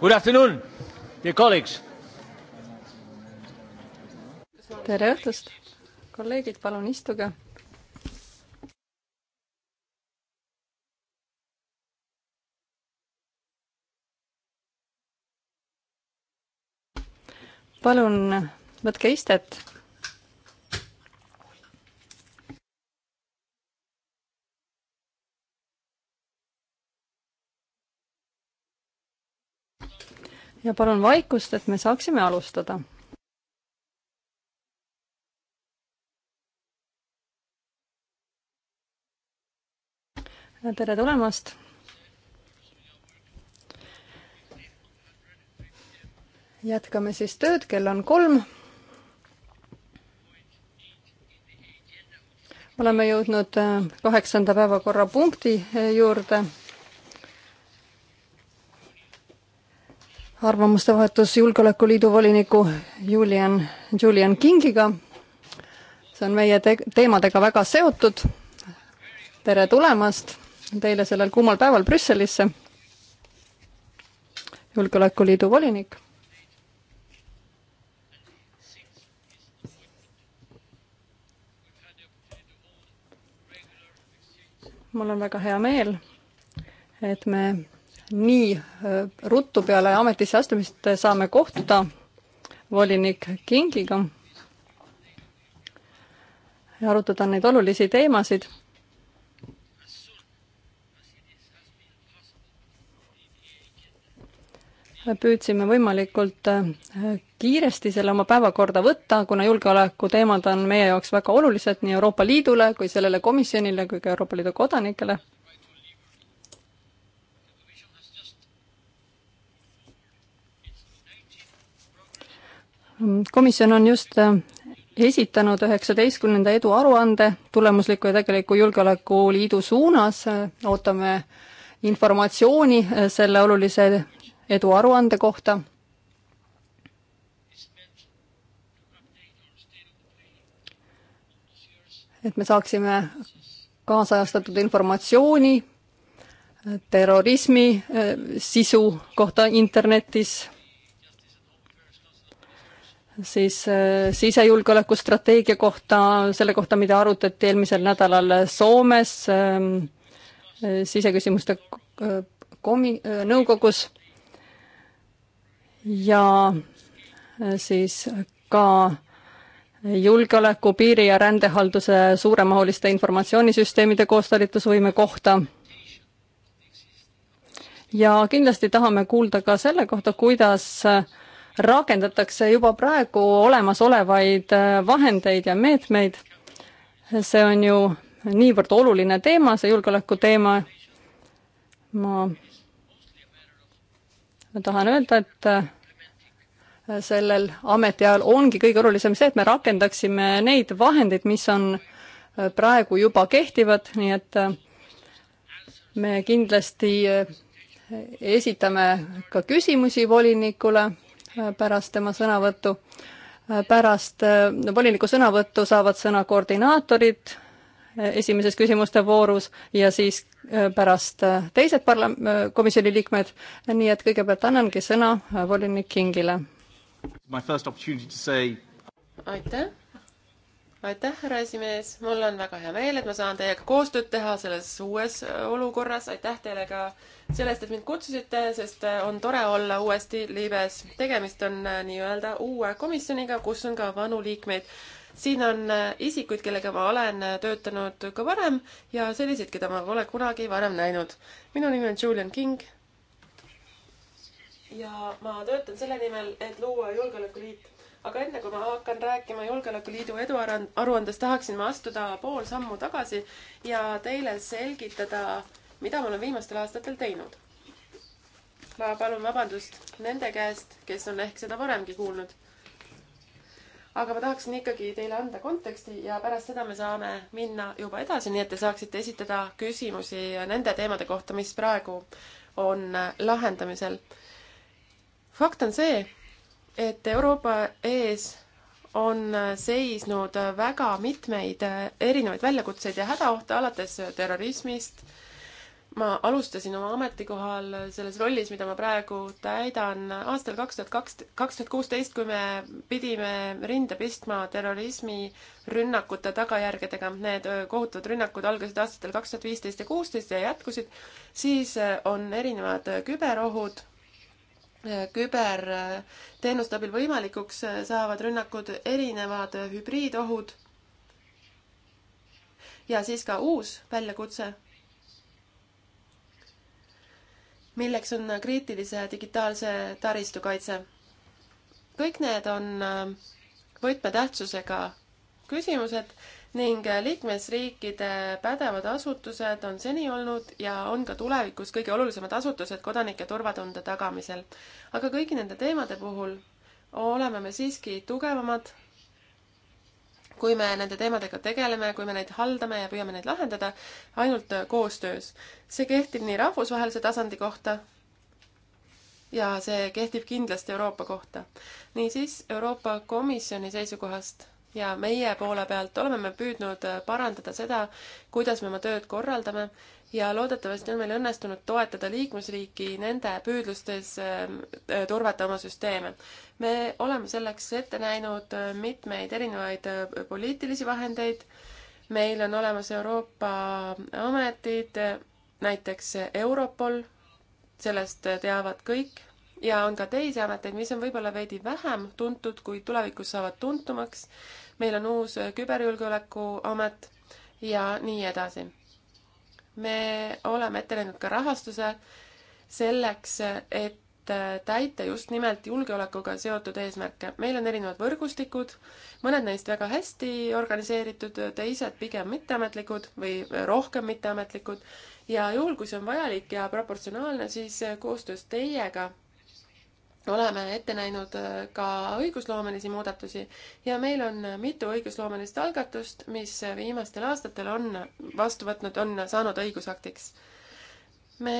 Good afternoon, dear colleagues. tere õhtust, kolleegid, palun istuge. palun võtke istet ja palun vaikust, et me saaksime alustada. tere tulemast. jätkame siis tööd, kell on kolm oleme jõudnud kaheksanda päevakorrapunkti juurde arvamuste vahetus Julgeolekuliidu voliniku Julian, Julian Kingiga. see on meie te-, teemadega väga seotud. tere tulemast teile sellel kuumal päeval Brüsselisse, Julgeolekuliidu volinik. mul on väga hea meel, et me nii äh, ruttu peale ametisse astumist saame kohtuda volinik Kingiga ja arutada neid olulisi teemasid. püüdsime võimalikult äh, kiiresti selle oma päevakorda võtta, kuna julgeolekuteemad on meie jaoks väga olulised nii Euroopa Liidule kui sellele komisjonile kui ka Euroopa Liidu kodanikele Mm, komisjon on just äh, esitanud üheksateistkümnenda edu aruande tulemusliku ja tegeliku julgeolekuliidu suunas, ootame informatsiooni äh, selle olulise edu aruande kohta. et me saaksime kaasajastatud informatsiooni äh, terrorismi sisu kohta internetis siis äh, sisejulgeoleku strateegia kohta, selle kohta, mida arutati eelmisel nädalal Soomes ähm, äh, siseküsimuste äh, komi-, nõukogus ja siis ka julgeoleku, piiri ja rändehalduse suuremahuliste informatsioonisüsteemide koostalitusvõime kohta. ja kindlasti tahame kuulda ka selle kohta, kuidas äh, rakendatakse juba praegu olemasolevaid äh, vahendeid ja meetmeid. see on ju niivõrd oluline teema, see julgeoleku teema. ma tahan öelda, et äh, sellel ametiajal ongi kõige olulisem see, et me rakendaksime neid vahendeid, mis on äh, praegu juba kehtivad, nii et me kindlasti esitame ka küsimusi volinikule pärast tema sõnavõttu. pärast äh, voliniku sõnavõttu saavad sõna koordinaatorid äh, esimeses küsimuste voorus ja siis äh, pärast teised parla-, komisjoni liikmed, nii et kõigepealt annangi sõna volinik Kingile. Say... aitäh aitäh, härra esimees, mul on väga hea meel, et ma saan teiega koostööd teha selles uues äh, olukorras, aitäh teile ka sellest, et mind kutsusite, sest äh, on tore olla uuesti liibes. tegemist on äh, nii-öelda uue komisjoniga, kus on ka vanu liikmeid. siin on isikuid, kellega ma olen töötanud ka varem ja selliseid, keda ma pole kunagi varem näinud. minu nimi on Julian King. ja ma töötan selle nimel, et luua julgeolekuliit aga enne kui ma hakkan rääkima Julgeolekuliidu eduaruandest, tahaksin ma astuda pool sammu tagasi ja teile selgitada, mida ma olen viimastel aastatel teinud. ma palun vabandust nende käest, kes on ehk seda varemgi kuulnud. aga ma tahaksin ikkagi teile anda konteksti ja pärast seda me saame minna juba edasi, nii et te saaksite esitada küsimusi nende teemade kohta, mis praegu on äh, lahendamisel. fakt on see et Euroopa ees on seisnud väga mitmeid erinevaid väljakutseid ja hädaohte, alates terrorismist. ma alustasin oma ametikohal selles rollis, mida ma praegu täidan, aastal kaks tuhat kaks, kaks tuhat kuusteist, kui me pidime rinde pistma terrorismirünnakute tagajärgedega. Need kohutavad rünnakud algasid aastatel kaks tuhat viisteist ja kuusteist ja jätkusid. siis on erinevad küberohud küberteenuste äh, abil võimalikuks äh, saavad rünnakud, erinevad äh, hübriidohud ja siis ka uus väljakutse, milleks on kriitilise digitaalse taristu kaitse. kõik need on võtmetähtsusega küsimused ning äh, liikmesriikide pädevad asutused on seni olnud ja on ka tulevikus kõige olulisemad asutused kodanike turvatunde tagamisel. aga kõigi nende teemade puhul oleme me siiski tugevamad, kui me nende teemadega tegeleme, kui me neid haldame ja püüame neid lahendada ainult äh, koostöös. see kehtib nii rahvusvahelise tasandi kohta ja see kehtib kindlasti Euroopa kohta. niisiis Euroopa Komisjoni seisukohast ja meie poole pealt oleme me püüdnud äh, parandada seda, kuidas me oma tööd korraldame ja loodetavasti on meil õnnestunud toetada liikmesriiki nende püüdlustes ähm, äh, turvata oma süsteeme. me oleme selleks ette näinud äh, mitmeid erinevaid poliitilisi vahendeid, meil on olemas Euroopa ametid, näiteks Europol, sellest teavad kõik ja on ka teisi ameteid, mis on võib-olla veidi vähem tuntud, kuid tulevikus saavad tuntumaks. meil on uus küberjulgeolekuamet ja nii edasi. me oleme ette näinud ka rahastuse selleks, et täita just nimelt julgeolekuga seotud eesmärke. meil on erinevad võrgustikud, mõned neist väga hästi organiseeritud, teised pigem mitteametlikud või rohkem mitteametlikud ja juhul, kui see on vajalik ja proportsionaalne, siis koostöös teiega oleme ette näinud äh, ka õigusloomelisi muudatusi ja meil on mitu õigusloomelist algatust, mis viimastel aastatel on vastu võtnud, on saanud õigusaktiks. me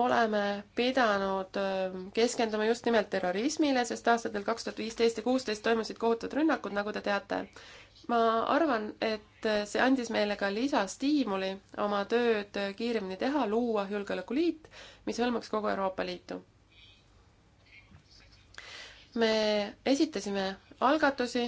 oleme pidanud äh, keskenduma just nimelt terrorismile, sest aastatel kaks tuhat viisteist ja kuusteist toimusid kohutavad rünnakud, nagu te teate. ma arvan, et äh, see andis meile ka lisastiimuli oma tööd kiiremini teha, luua julgeolekuliit, mis hõlmaks kogu Euroopa Liitu me esitasime algatusi,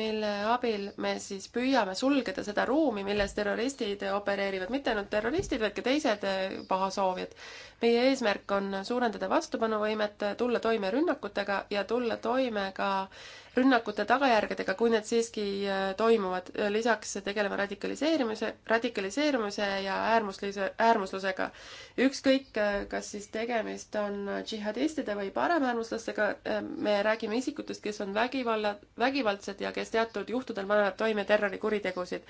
mille abil me siis püüame sulgeda seda ruumi, milles terroristid opereerivad, mitte ainult terroristid, vaid ka teised eh, pahasoovijad meie eesmärk on suurendada vastupanuvõimet, tulla toime rünnakutega ja tulla toime ka rünnakute tagajärgedega, kui need siiski äh, toimuvad. lisaks tegeleme radikaliseerimise, radikaliseerumise ja äärmuslise, äärmuslusega. ükskõik, äh, kas siis tegemist on džihadistide või paremäärmuslastega, äh, me räägime isikutest, kes on vägivalla, vägivaldsed ja kes teatud juhtudel panevad toime terrorikuritegusid.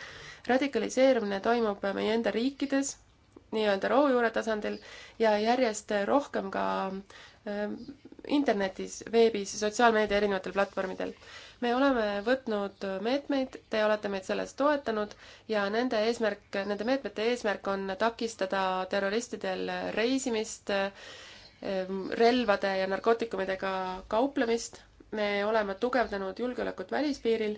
radikaliseerumine toimub meie enda riikides nii-öelda rohujuure tasandil ja järjest rohkem ka ähm, internetis, veebis, sotsiaalmeedia erinevatel platvormidel. me oleme võtnud meetmeid, te olete meid selles toetanud ja nende eesmärk, nende meetmete eesmärk on takistada terroristidel reisimist, ähm, relvade ja narkootikumidega kauplemist, me oleme tugevdanud julgeolekut välispiiril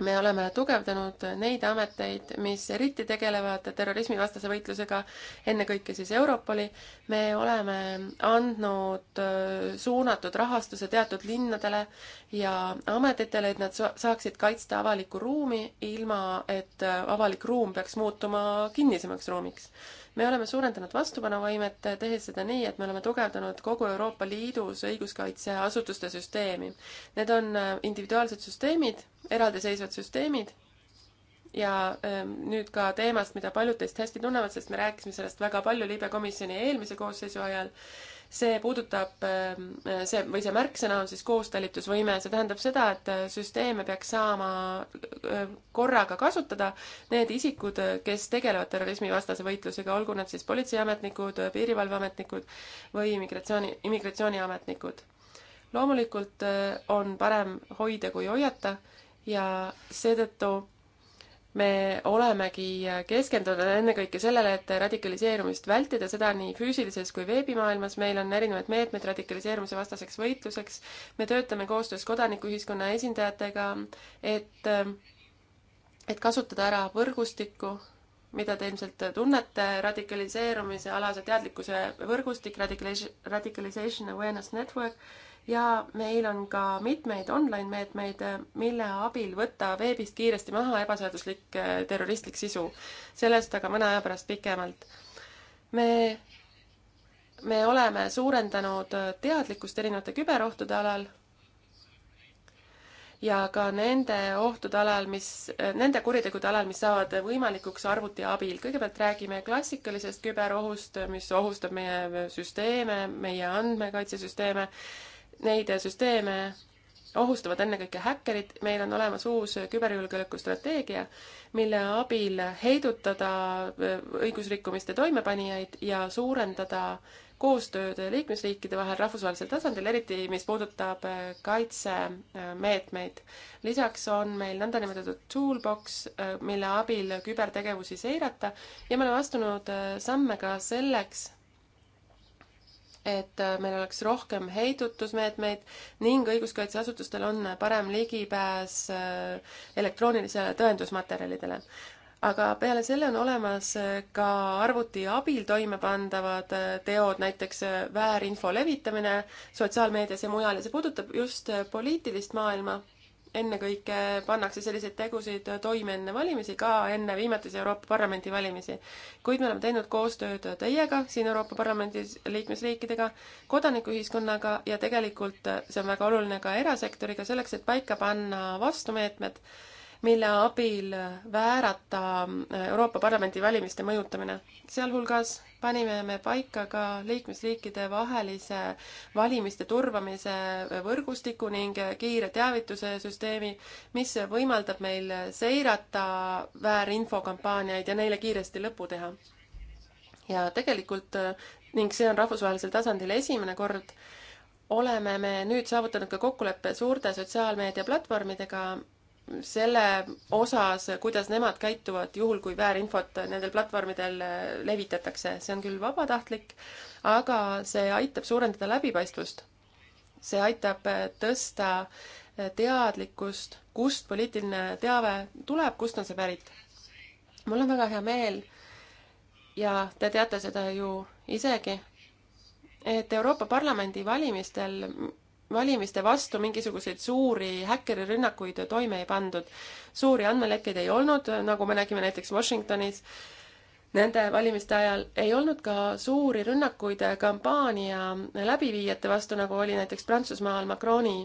me oleme tugevdanud neid ameteid, mis eriti tegelevad terrorismivastase võitlusega, ennekõike siis Europoli. me oleme andnud äh, suunatud rahastuse teatud linnadele ja ametitele, et nad saaksid kaitsta avalikku ruumi, ilma et äh, avalik ruum peaks muutuma kinnisemaks ruumiks me oleme suurendanud vastupanuvõimet, tehes seda nii, et me oleme tugevdanud kogu Euroopa Liidus õiguskaitseasutuste süsteemi. Need on äh, individuaalsed süsteemid, eraldiseisvad süsteemid ja ähm, nüüd ka teemast, mida paljud teist hästi tunnevad, sest me rääkisime sellest väga palju libekomisjoni eelmise koosseisu ajal see puudutab, ähm, see või see märksõna on siis koostalitusvõime, see tähendab seda, et süsteeme peaks saama äh, korraga kasutada need isikud, kes tegelevad terrorismivastase võitlusega, olgu nad siis politseiametnikud, piirivalveametnikud või immigratsiooni, immigratsiooniametnikud. loomulikult äh, on parem hoida kui hoiata ja seetõttu me olemegi keskendunud ennekõike sellele, et radikaliseerumist vältida, seda nii füüsilises kui veebimaailmas, meil on erinevad meetmed radikaliseerumise vastaseks võitluseks, me töötame koostöös kodanikuühiskonna esindajatega, et, et kasutada ära võrgustikku, mida te ilmselt tunnete, radikaliseerumise alase teadlikkuse võrgustik, radikalis-, Radicalization Awareness Network, ja meil on ka mitmeid online meetmeid, mille abil võtta veebist kiiresti maha ebaseaduslik äh, terroristlik sisu. sellest aga mõne aja pärast pikemalt. me, me oleme suurendanud äh, teadlikkust erinevate küberohtude alal ja ka nende ohtude alal, mis, äh, nende kuritegude alal, mis saavad võimalikuks arvuti abil. kõigepealt räägime klassikalisest küberohust, mis ohustab meie süsteeme, meie andmekaitsesüsteeme Neid äh, süsteeme ohustavad ennekõike häkkerid, meil on olemas uus küberjulgeoleku strateegia, mille abil heidutada äh, õigusrikkumiste toimepanijaid ja suurendada koostööd liikmesriikide vahel rahvusvahelisel tasandil, eriti mis puudutab äh, kaitsemeetmeid. lisaks on meil nõndanimetatud toolbox, mille abil kübertegevusi seirata ja me oleme astunud samme ka selleks, et äh, meil oleks rohkem heidutusmeetmeid ning õiguskaitseasutustel on parem ligipääs äh, elektroonilisele tõendusmaterjalidele. aga peale selle on olemas äh, ka arvuti abil toimepandavad teod, näiteks väärinfo levitamine sotsiaalmeedias ja mujal ja see puudutab just poliitilist maailma ennekõike pannakse selliseid tegusid toime enne valimisi, ka enne viimatisi Euroopa Parlamendi valimisi. kuid me oleme teinud koostööd teiega siin Euroopa Parlamendis, liikmesriikidega, kodanikuühiskonnaga ja tegelikult see on väga oluline ka erasektoriga, selleks et paika panna vastumeetmed mille abil väärata äh, Euroopa Parlamendi valimiste mõjutamine. sealhulgas panime me paika ka liikmesriikide vahelise valimiste turvamise võrgustiku ning kiire teavituse süsteemi, mis võimaldab meil seirata väärinfokampaaniaid ja neile kiiresti lõpu teha. ja tegelikult äh, ning see on rahvusvahelisel tasandil esimene kord, oleme me nüüd saavutanud ka kokkuleppe suurte sotsiaalmeediaplatvormidega, selle osas, kuidas nemad käituvad juhul, kui väärinfot nendel platvormidel levitatakse. see on küll vabatahtlik, aga see aitab suurendada läbipaistvust. see aitab tõsta teadlikkust, kust poliitiline teave tuleb, kust on see pärit. mul on väga hea meel ja te teate seda ju isegi, et Euroopa Parlamendi valimistel valimiste vastu mingisuguseid suuri häkkerirünnakuid toime ei pandud. suuri andmelekkeid ei olnud, nagu me nägime näiteks Washingtonis. Nende valimiste ajal ei olnud ka suuri rünnakuid kampaania läbiviijate vastu, nagu oli näiteks Prantsusmaal Macroni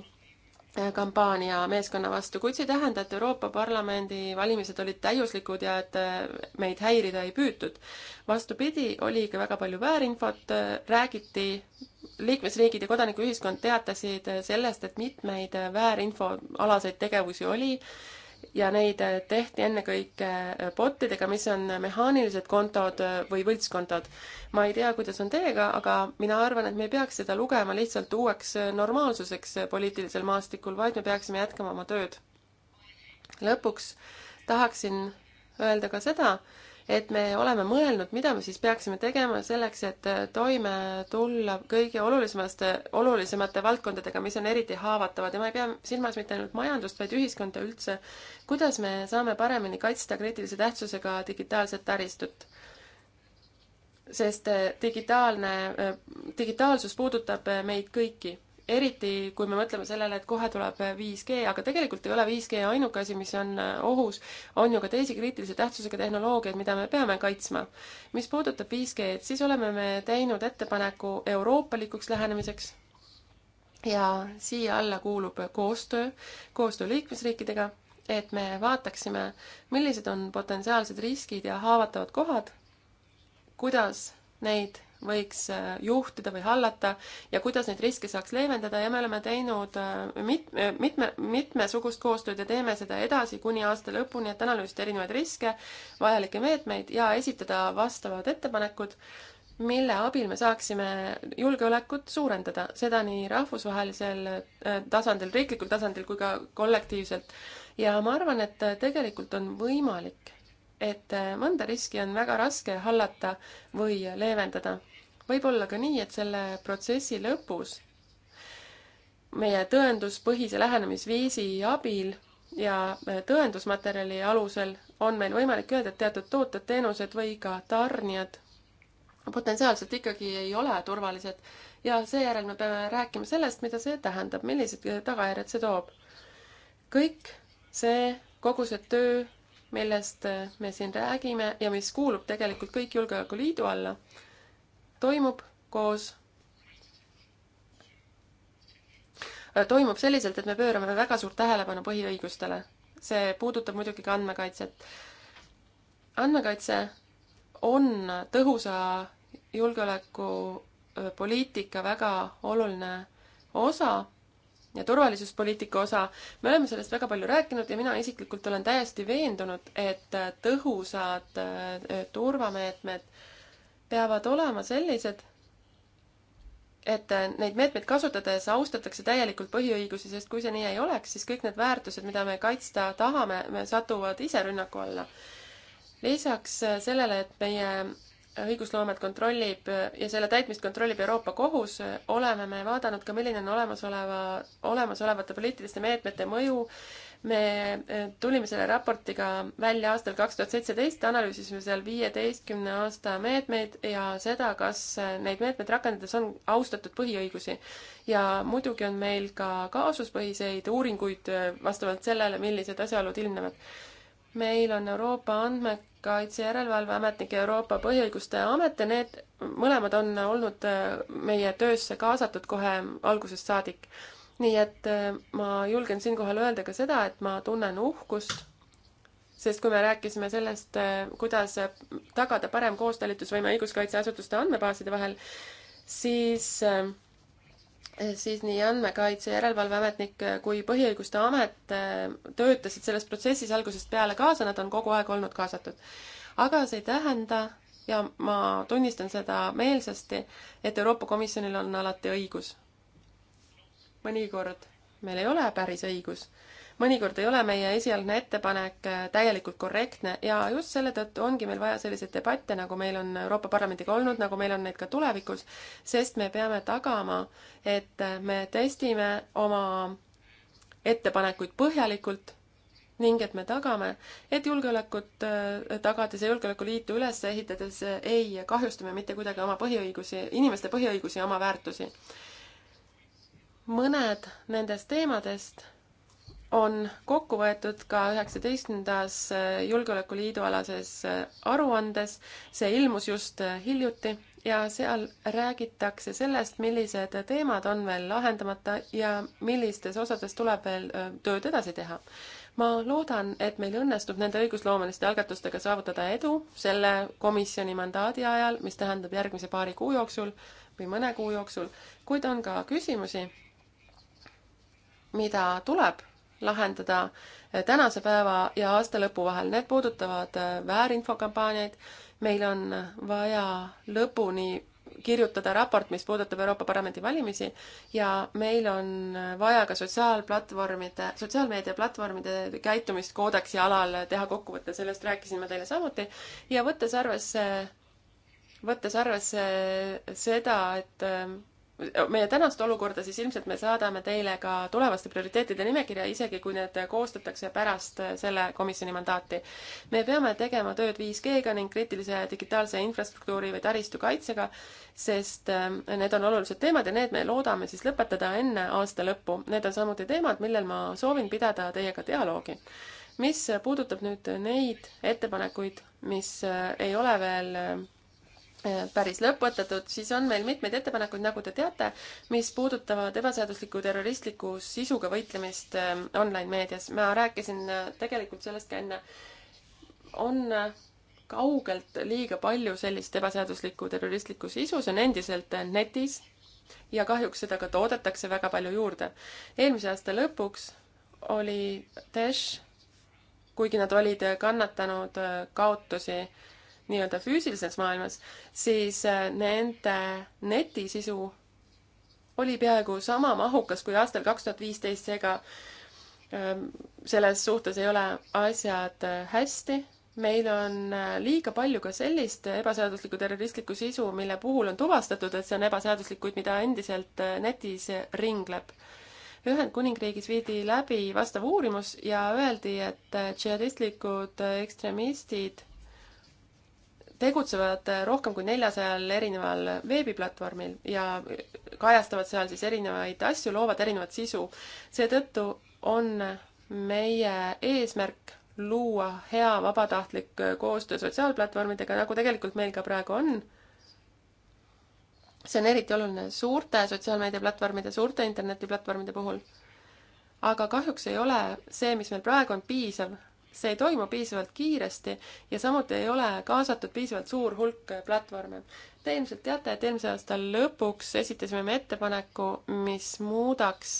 kampaania meeskonna vastu, kuid see ei tähenda, et Euroopa Parlamendi valimised olid täiuslikud ja et äh, meid häirida ei püütud. vastupidi, oli ikka väga palju väärinfot, äh, räägiti, liikmesriigid ja kodanikuühiskond teatasid äh, sellest, et mitmeid väärinfoalaseid tegevusi oli ja neid tehti ennekõike botidega, mis on mehaanilised kontod või võltskontod. ma ei tea, kuidas on teiega, aga mina arvan, et me ei peaks seda lugema lihtsalt uueks normaalsuseks poliitilisel maastikul, vaid me peaksime jätkama oma tööd. lõpuks tahaksin öelda ka seda, et me oleme mõelnud, mida me siis peaksime tegema selleks, et äh, toime tulla kõige olulisemate, äh, olulisemate valdkondadega, mis on eriti haavatavad ja ma ei pea silmas mitte ainult majandust, vaid ühiskonda üldse. kuidas me saame paremini kaitsta kriitilise tähtsusega digitaalset taristut? sest äh, digitaalne, digitaalsus puudutab meid kõiki eriti kui me mõtleme sellele, et kohe tuleb 5G, aga tegelikult ei ole 5G ainuke asi, mis on äh, ohus, on ju ka teisi kriitilise tähtsusega tehnoloogiaid, mida me peame kaitsma. mis puudutab 5G-d, siis oleme me teinud ettepaneku euroopalikuks lähenemiseks ja siia alla kuulub koostöö, koostöö liikmesriikidega, et me vaataksime, millised on potentsiaalsed riskid ja haavatavad kohad, kuidas neid võiks äh, juhtida või hallata ja kuidas neid riske saaks leevendada ja me oleme teinud äh, mit-, äh, mitme, mitmesugust koostööd ja teeme seda edasi kuni aasta lõpuni, et analüüsida erinevaid riske, vajalikke meetmeid ja esitada vastavad ettepanekud, mille abil me saaksime julgeolekut suurendada, seda nii rahvusvahelisel tasandil, riiklikul tasandil kui ka kollektiivselt. ja ma arvan, et tegelikult on võimalik et äh, mõnda riski on väga raske hallata või leevendada. võib olla ka nii, et selle protsessi lõpus meie tõenduspõhise lähenemisviisi abil ja äh, tõendusmaterjali alusel on meil võimalik öelda, et teatud tooted, teenused või ka tarnijad potentsiaalselt ikkagi ei ole turvalised ja seejärel me peame rääkima sellest, mida see tähendab, millised tagajärjed see toob. kõik see, kogu see töö millest äh, me siin räägime ja mis kuulub tegelikult kõik Julgeolekuliidu alla, toimub koos, äh, toimub selliselt, et me pöörame väga suurt tähelepanu põhiõigustele. see puudutab muidugi ka andmekaitset. andmekaitse on tõhusa julgeolekupoliitika äh, väga oluline osa ja turvalisuspoliitika osa. me oleme sellest väga palju rääkinud ja mina isiklikult olen täiesti veendunud, et tõhusad äh, turvameetmed peavad olema sellised, et äh, neid meetmeid kasutades austatakse täielikult põhiõigusi, sest kui see nii ei oleks, siis kõik need väärtused, mida me kaitsta tahame, me satuvad ise rünnaku alla. lisaks äh, sellele, et meie õigusloomet kontrollib ja selle täitmist kontrollib Euroopa Kohus, oleme me vaadanud ka, milline on olemasoleva, olemasolevate poliitiliste meetmete mõju. me eh, tulime selle raportiga välja aastal kaks tuhat seitseteist, analüüsisime seal viieteistkümne aasta meetmeid ja seda, kas eh, neid meetmeid rakendades on austatud põhiõigusi. ja muidugi on meil ka kaasuspõhiseid uuringuid eh, vastavalt sellele, millised asjaolud ilmnevad meil on Euroopa Andmekaitse Järelevalveametnik ja Euroopa Põhiõiguste Amet ja need mõlemad on olnud äh, meie töösse kaasatud kohe algusest saadik. nii et äh, ma julgen siinkohal öelda ka seda, et ma tunnen uhkust, sest kui me rääkisime sellest, äh, kuidas tagada parem koostalitusvõime õiguskaitseasutuste andmebaaside vahel, siis äh, siis nii Andmekaitse Järelevalveametnik äh, kui Põhiõiguste Amet äh, töötasid selles protsessis algusest peale kaasa, nad on kogu aeg olnud kaasatud. aga see ei tähenda ja ma tunnistan seda meelsasti, et Euroopa Komisjonil on alati õigus. mõnikord meil ei ole päris õigus mõnikord ei ole meie esialgne ettepanek äh, täielikult korrektne ja just selle tõttu ongi meil vaja selliseid debatte, nagu meil on Euroopa Parlamendiga olnud, nagu meil on neid ka tulevikus, sest me peame tagama, et äh, me testime oma ettepanekuid põhjalikult ning et me tagame, et julgeolekut äh, tagades ja julgeolekuliitu üles ehitades ei kahjusta me mitte kuidagi oma põhiõigusi, inimeste põhiõigusi ja oma väärtusi. mõned nendest teemadest on kokku võetud ka üheksateistkümnendas eh, Julgeolekuliidu alases eh, aruandes, see ilmus just eh, hiljuti, ja seal räägitakse sellest, millised teemad on veel lahendamata ja millistes osades tuleb veel tööd edasi teha. ma loodan, et meil õnnestub nende õigusloomeliste algatustega saavutada edu selle komisjoni mandaadi ajal, mis tähendab järgmise paari kuu jooksul või mõne kuu jooksul, kuid on ka küsimusi, mida tuleb lahendada eh, tänase päeva ja aasta lõpu vahel, need puudutavad eh, väärinfokampaaniaid, meil on vaja lõpuni kirjutada raport, mis puudutab Euroopa Parlamendi valimisi ja meil on vaja ka sotsiaalplatvormide, sotsiaalmeedia platvormide käitumist koodeksi alal teha kokkuvõte, sellest rääkisin ma teile samuti ja võttes arvesse, võttes arvesse seda, et eh, meie tänast olukorda, siis ilmselt me saadame teile ka tulevaste prioriteetide nimekirja, isegi kui need koostatakse pärast selle komisjoni mandaati. me peame tegema tööd 5G-ga ning kriitilise digitaalse infrastruktuuri või taristu kaitsega, sest ähm, need on olulised teemad ja need me loodame siis lõpetada enne aasta lõppu. Need on samuti teemad, millel ma soovin pidada teiega dialoogi mis puudutab nüüd neid ettepanekuid, mis äh, ei ole veel äh, Äh, päris lõpetatud, siis on meil mitmeid ettepanekuid, nagu te teate, mis puudutavad ebaseadusliku terroristliku sisuga võitlemist äh, online-meedias. ma rääkisin äh, tegelikult sellest ka enne. on kaugelt liiga palju sellist ebaseaduslikku terroristlikku sisu, see on endiselt netis ja kahjuks seda ka toodetakse väga palju juurde. eelmise aasta lõpuks oli Daesh, kuigi nad olid kannatanud kaotusi äh, nii-öelda füüsilises maailmas, siis äh, nende netisisu oli peaaegu sama mahukas kui aastal kaks tuhat viisteist, seega ähm, selles suhtes ei ole asjad äh, hästi. meil on äh, liiga palju ka sellist ebaseaduslikku terroristlikku sisu, mille puhul on tuvastatud, et see on ebaseaduslik, kuid mida endiselt netis ringleb. Ühendkuningriigis viidi läbi vastav uurimus ja öeldi, et džihadistlikud ekstremistid tegutsevad rohkem kui neljasajal erineval veebiplatvormil ja kajastavad seal siis erinevaid asju, loovad erinevat sisu. seetõttu on meie eesmärk luua hea vabatahtlik koostöö sotsiaalplatvormidega, nagu tegelikult meil ka praegu on. see on eriti oluline suurte sotsiaalmeediaplatvormide, suurte internetiplatvormide puhul. aga kahjuks ei ole see, mis meil praegu on, piisav see ei toimu piisavalt kiiresti ja samuti ei ole kaasatud piisavalt suur hulk platvorme. Te ilmselt teate, et eelmise aasta lõpuks esitasime me ettepaneku, mis muudaks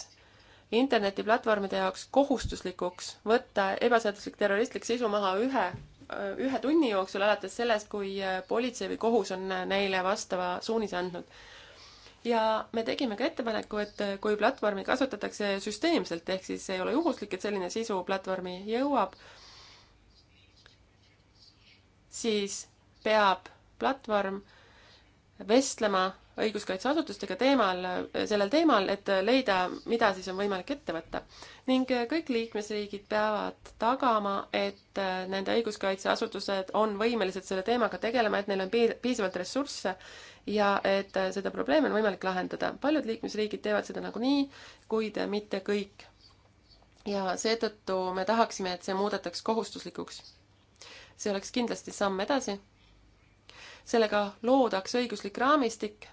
internetiplatvormide jaoks kohustuslikuks võtta ebaseaduslik terroristlik sisu maha ühe, ühe tunni jooksul, alates sellest, kui politsei või kohus on neile vastava suunise andnud. ja me tegime ka ettepaneku, et kui platvormi kasutatakse süsteemselt, ehk siis ei ole juhuslik, et selline sisu platvormi jõuab, siis peab platvorm vestlema õiguskaitseasutustega teemal, sellel teemal, et leida, mida siis on võimalik ette võtta. ning kõik liikmesriigid peavad tagama, et nende õiguskaitseasutused on võimelised selle teemaga tegelema, et neil on piir, piisavalt ressursse ja et seda probleemi on võimalik lahendada. paljud liikmesriigid teevad seda nagunii, kuid mitte kõik. ja seetõttu me tahaksime, et see muudetaks kohustuslikuks see oleks kindlasti samm edasi. sellega loodaks õiguslik raamistik,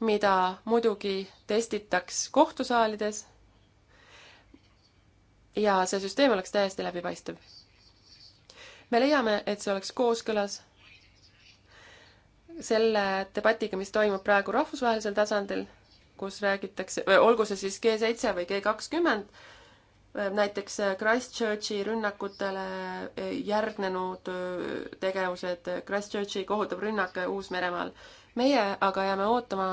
mida muidugi testitaks kohtusaalides ja see süsteem oleks täiesti läbipaistev. me leiame, et see oleks kooskõlas selle debatiga, mis toimub praegu rahvusvahelisel tasandil, kus räägitakse, olgu see siis G7 või G kakskümmend, Äh, näiteks äh, Christchurchi rünnakutele äh, järgnenud tegevused, Christchurchi kohutav rünnak Uus-Meremaal. meie aga jääme ootama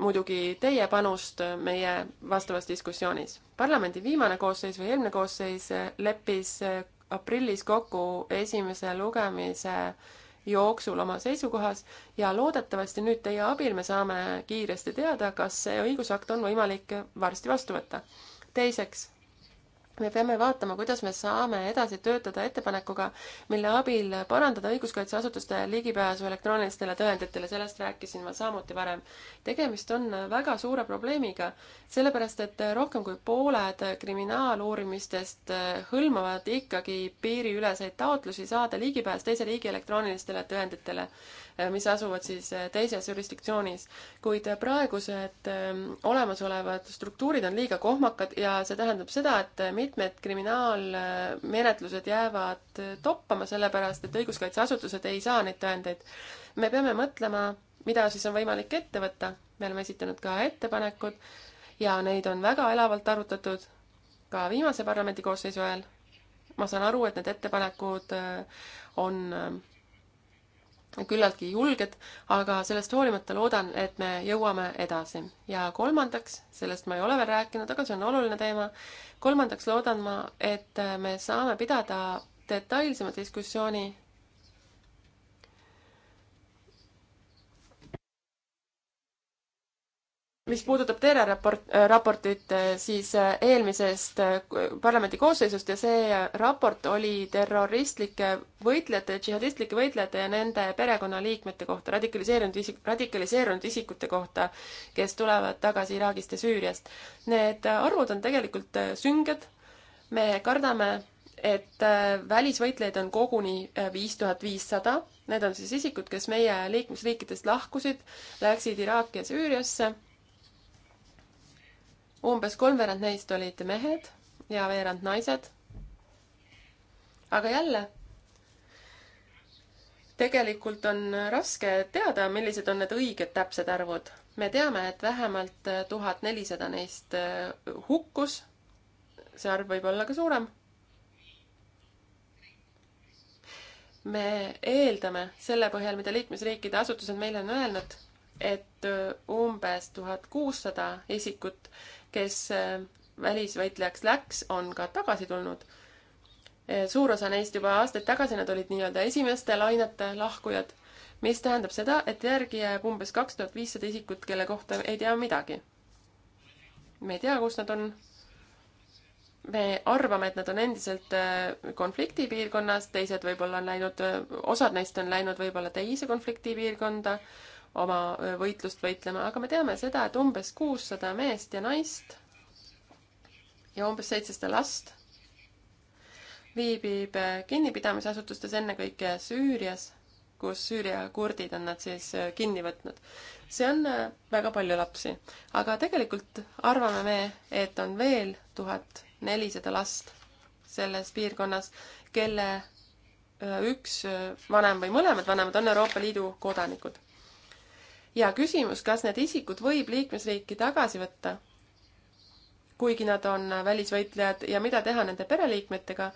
muidugi teie panust meie vastavas diskussioonis. parlamendi viimane koosseis või eelmine koosseis leppis aprillis kokku esimese lugemise jooksul oma seisukohas ja loodetavasti nüüd teie abil me saame kiiresti teada, kas see õigusakt on võimalik varsti vastu võtta. teiseks me peame vaatama, kuidas me saame edasi töötada ettepanekuga, mille abil parandada õiguskaitseasutuste ligipääsu elektroonilistele tõenditele, sellest rääkisin ma samuti varem. tegemist on väga suure probleemiga, sellepärast et rohkem kui pooled kriminaaluurimistest hõlmavad ikkagi piiriüleseid taotlusi saada ligipääs teise riigi elektroonilistele tõenditele. Äh, mis asuvad siis äh, teises jurisdiktsioonis. kuid äh, praegused ähm, olemasolevad struktuurid on liiga kohmakad ja see tähendab seda, et mitmed kriminaalmenetlused jäävad toppama, sellepärast et õiguskaitseasutused ei saa neid tõendeid. me peame mõtlema, mida siis on võimalik ette võtta. me oleme esitanud ka ettepanekud ja neid on väga elavalt arutatud ka viimase parlamendikoosseisu ajal. ma saan aru, et need ettepanekud on küllaltki julged, aga sellest hoolimata loodan, et me jõuame edasi. ja kolmandaks, sellest ma ei ole veel rääkinud, aga see on oluline teema, kolmandaks loodan ma, et me saame pidada detailsema diskussiooni mis puudutab Tere raport, äh, raportit, äh, siis äh, eelmisest parlamendi koosseisust ja see raport oli terroristlike võitlejate, džihadistlike võitlejate ja nende perekonnaliikmete kohta, radikaliseerunud isik, radikaliseerunud isikute kohta, kes tulevad tagasi Iraagist ja Süüriast. Need arvud on tegelikult sünged. me kardame, et välisvõitlejaid on koguni viis tuhat viissada. Need on siis isikud, kes meie liikmesriikidest lahkusid, läksid Iraaki ja Süüriasse umbes kolmveerand neist olid mehed ja veerand naised. aga jälle, tegelikult on raske teada, millised on need õiged täpsed arvud. me teame, et vähemalt tuhat nelisada neist äh, hukkus. see arv võib olla ka suurem. me eeldame selle põhjal, mida liikmesriikide asutused meile on öelnud, et äh, umbes tuhat kuussada isikut kes äh, välisvõitlejaks läks, on ka tagasi tulnud. Äh, suur osa neist juba aastaid tagasi, nad olid nii-öelda esimeste lainete lahkujad, mis tähendab seda, et järgi jääb umbes kaks tuhat viissada isikut, kelle kohta ei tea midagi. me ei tea, kus nad on. me arvame, et nad on endiselt äh, konfliktipiirkonnas, teised võib-olla on läinud, osad neist on läinud võib-olla teise konfliktipiirkonda oma võitlust võitlema, aga me teame seda, et umbes kuussada meest ja naist ja umbes seitsesada last viibib kinnipidamisasutustes, ennekõike Süürias, kus Süüria kurdid on nad siis kinni võtnud. see on väga palju lapsi, aga tegelikult arvame me, et on veel tuhat nelisada last selles piirkonnas, kelle üks vanem või mõlemad vanemad on Euroopa Liidu kodanikud ja küsimus, kas need isikud võib liikmesriiki tagasi võtta, kuigi nad on välisvõitlejad ja mida teha nende pereliikmetega,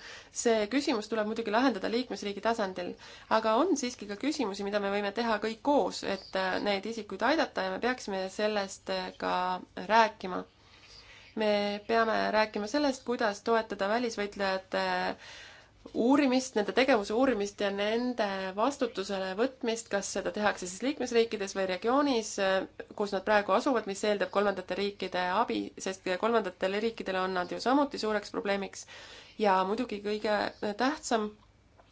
see küsimus tuleb muidugi lahendada liikmesriigi tasandil. aga on siiski ka küsimusi, mida me võime teha kõik koos, et äh, neid isikuid aidata ja me peaksime sellest äh, ka rääkima. me peame rääkima sellest, kuidas toetada välisvõitlejate äh, uurimist, nende tegevuse uurimist ja nende vastutusele võtmist, kas seda tehakse siis liikmesriikides või regioonis, kus nad praegu asuvad, mis eeldab kolmandate riikide abi, sest kolmandatele riikidele on nad ju samuti suureks probleemiks. ja muidugi kõige tähtsam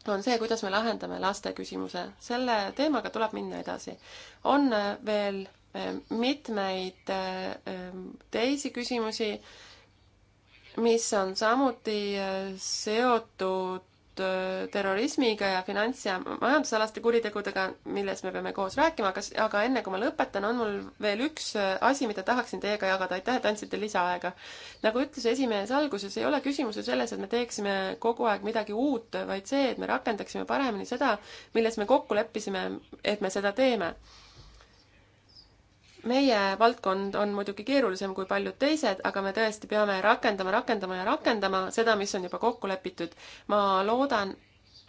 on see, kuidas me lahendame laste küsimuse. selle teemaga tuleb minna edasi. on veel eh, mitmeid eh, eh, teisi küsimusi mis on samuti äh, seotud äh, terrorismiga ja finants- ja majandusalaste kuritegudega, millest me peame koos rääkima, kas, aga enne kui ma lõpetan, on mul veel üks äh, asi, mida tahaksin teiega jagada, aitäh, et andsite lisaaega. nagu ütles esimees alguses, ei ole küsimus ju selles, et me teeksime kogu aeg midagi uut, vaid see, et me rakendaksime paremini seda, milles me kokku leppisime, et me seda teeme meie valdkond on muidugi keerulisem kui paljud teised, aga me tõesti peame rakendama, rakendama ja rakendama seda, mis on juba kokku lepitud. ma loodan,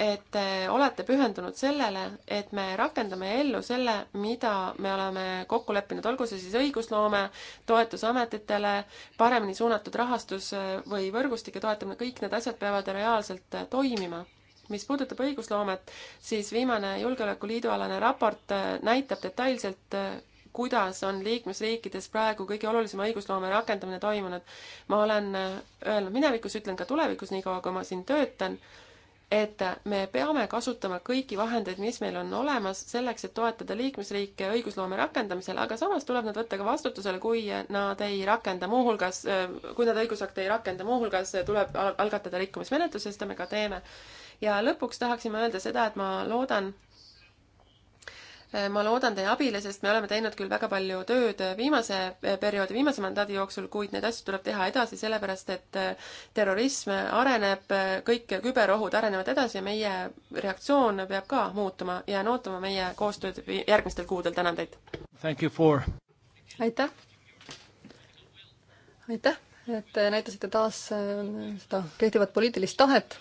et te olete pühendunud sellele, et me rakendame ellu selle, mida me oleme kokku leppinud, olgu see siis õigusloome, toetus ametitele, paremini suunatud rahastus äh, või võrgustike toetamine, kõik need asjad peavad reaalselt äh, toimima mis puudutab õigusloomet, siis viimane Julgeolekuliidu alane raport äh, näitab detailselt, kuidas on liikmesriikides praegu kõige olulisem õigusloome rakendamine toimunud. ma olen äh, öelnud minevikus, ütlen ka tulevikus, niikaua kui ma siin töötan, et me peame kasutama kõiki vahendeid, mis meil on olemas, selleks, et toetada liikmesriike õigusloome rakendamisel, aga samas tuleb nad võtta ka vastutusele, kui nad ei rakenda muuhulgas, äh, kui nad õigusakte ei rakenda, muuhulgas tuleb algatada rikkumismenetlus ja seda me ka teeme. ja lõpuks tahaksime öelda seda, et ma loodan, Äh, ma loodan teie abile, sest me oleme teinud küll väga palju tööd äh, viimase äh, perioodi, viimase mandaadi jooksul, kuid neid asju tuleb teha edasi, sellepärast et terrorism areneb, kõik küberohud arenevad edasi ja meie reaktsioon peab ka muutuma. jään ootama meie koostööd järgmistel kuudel, tänan teid! For... aitäh! aitäh, et näitasite taas seda kehtivat poliitilist tahet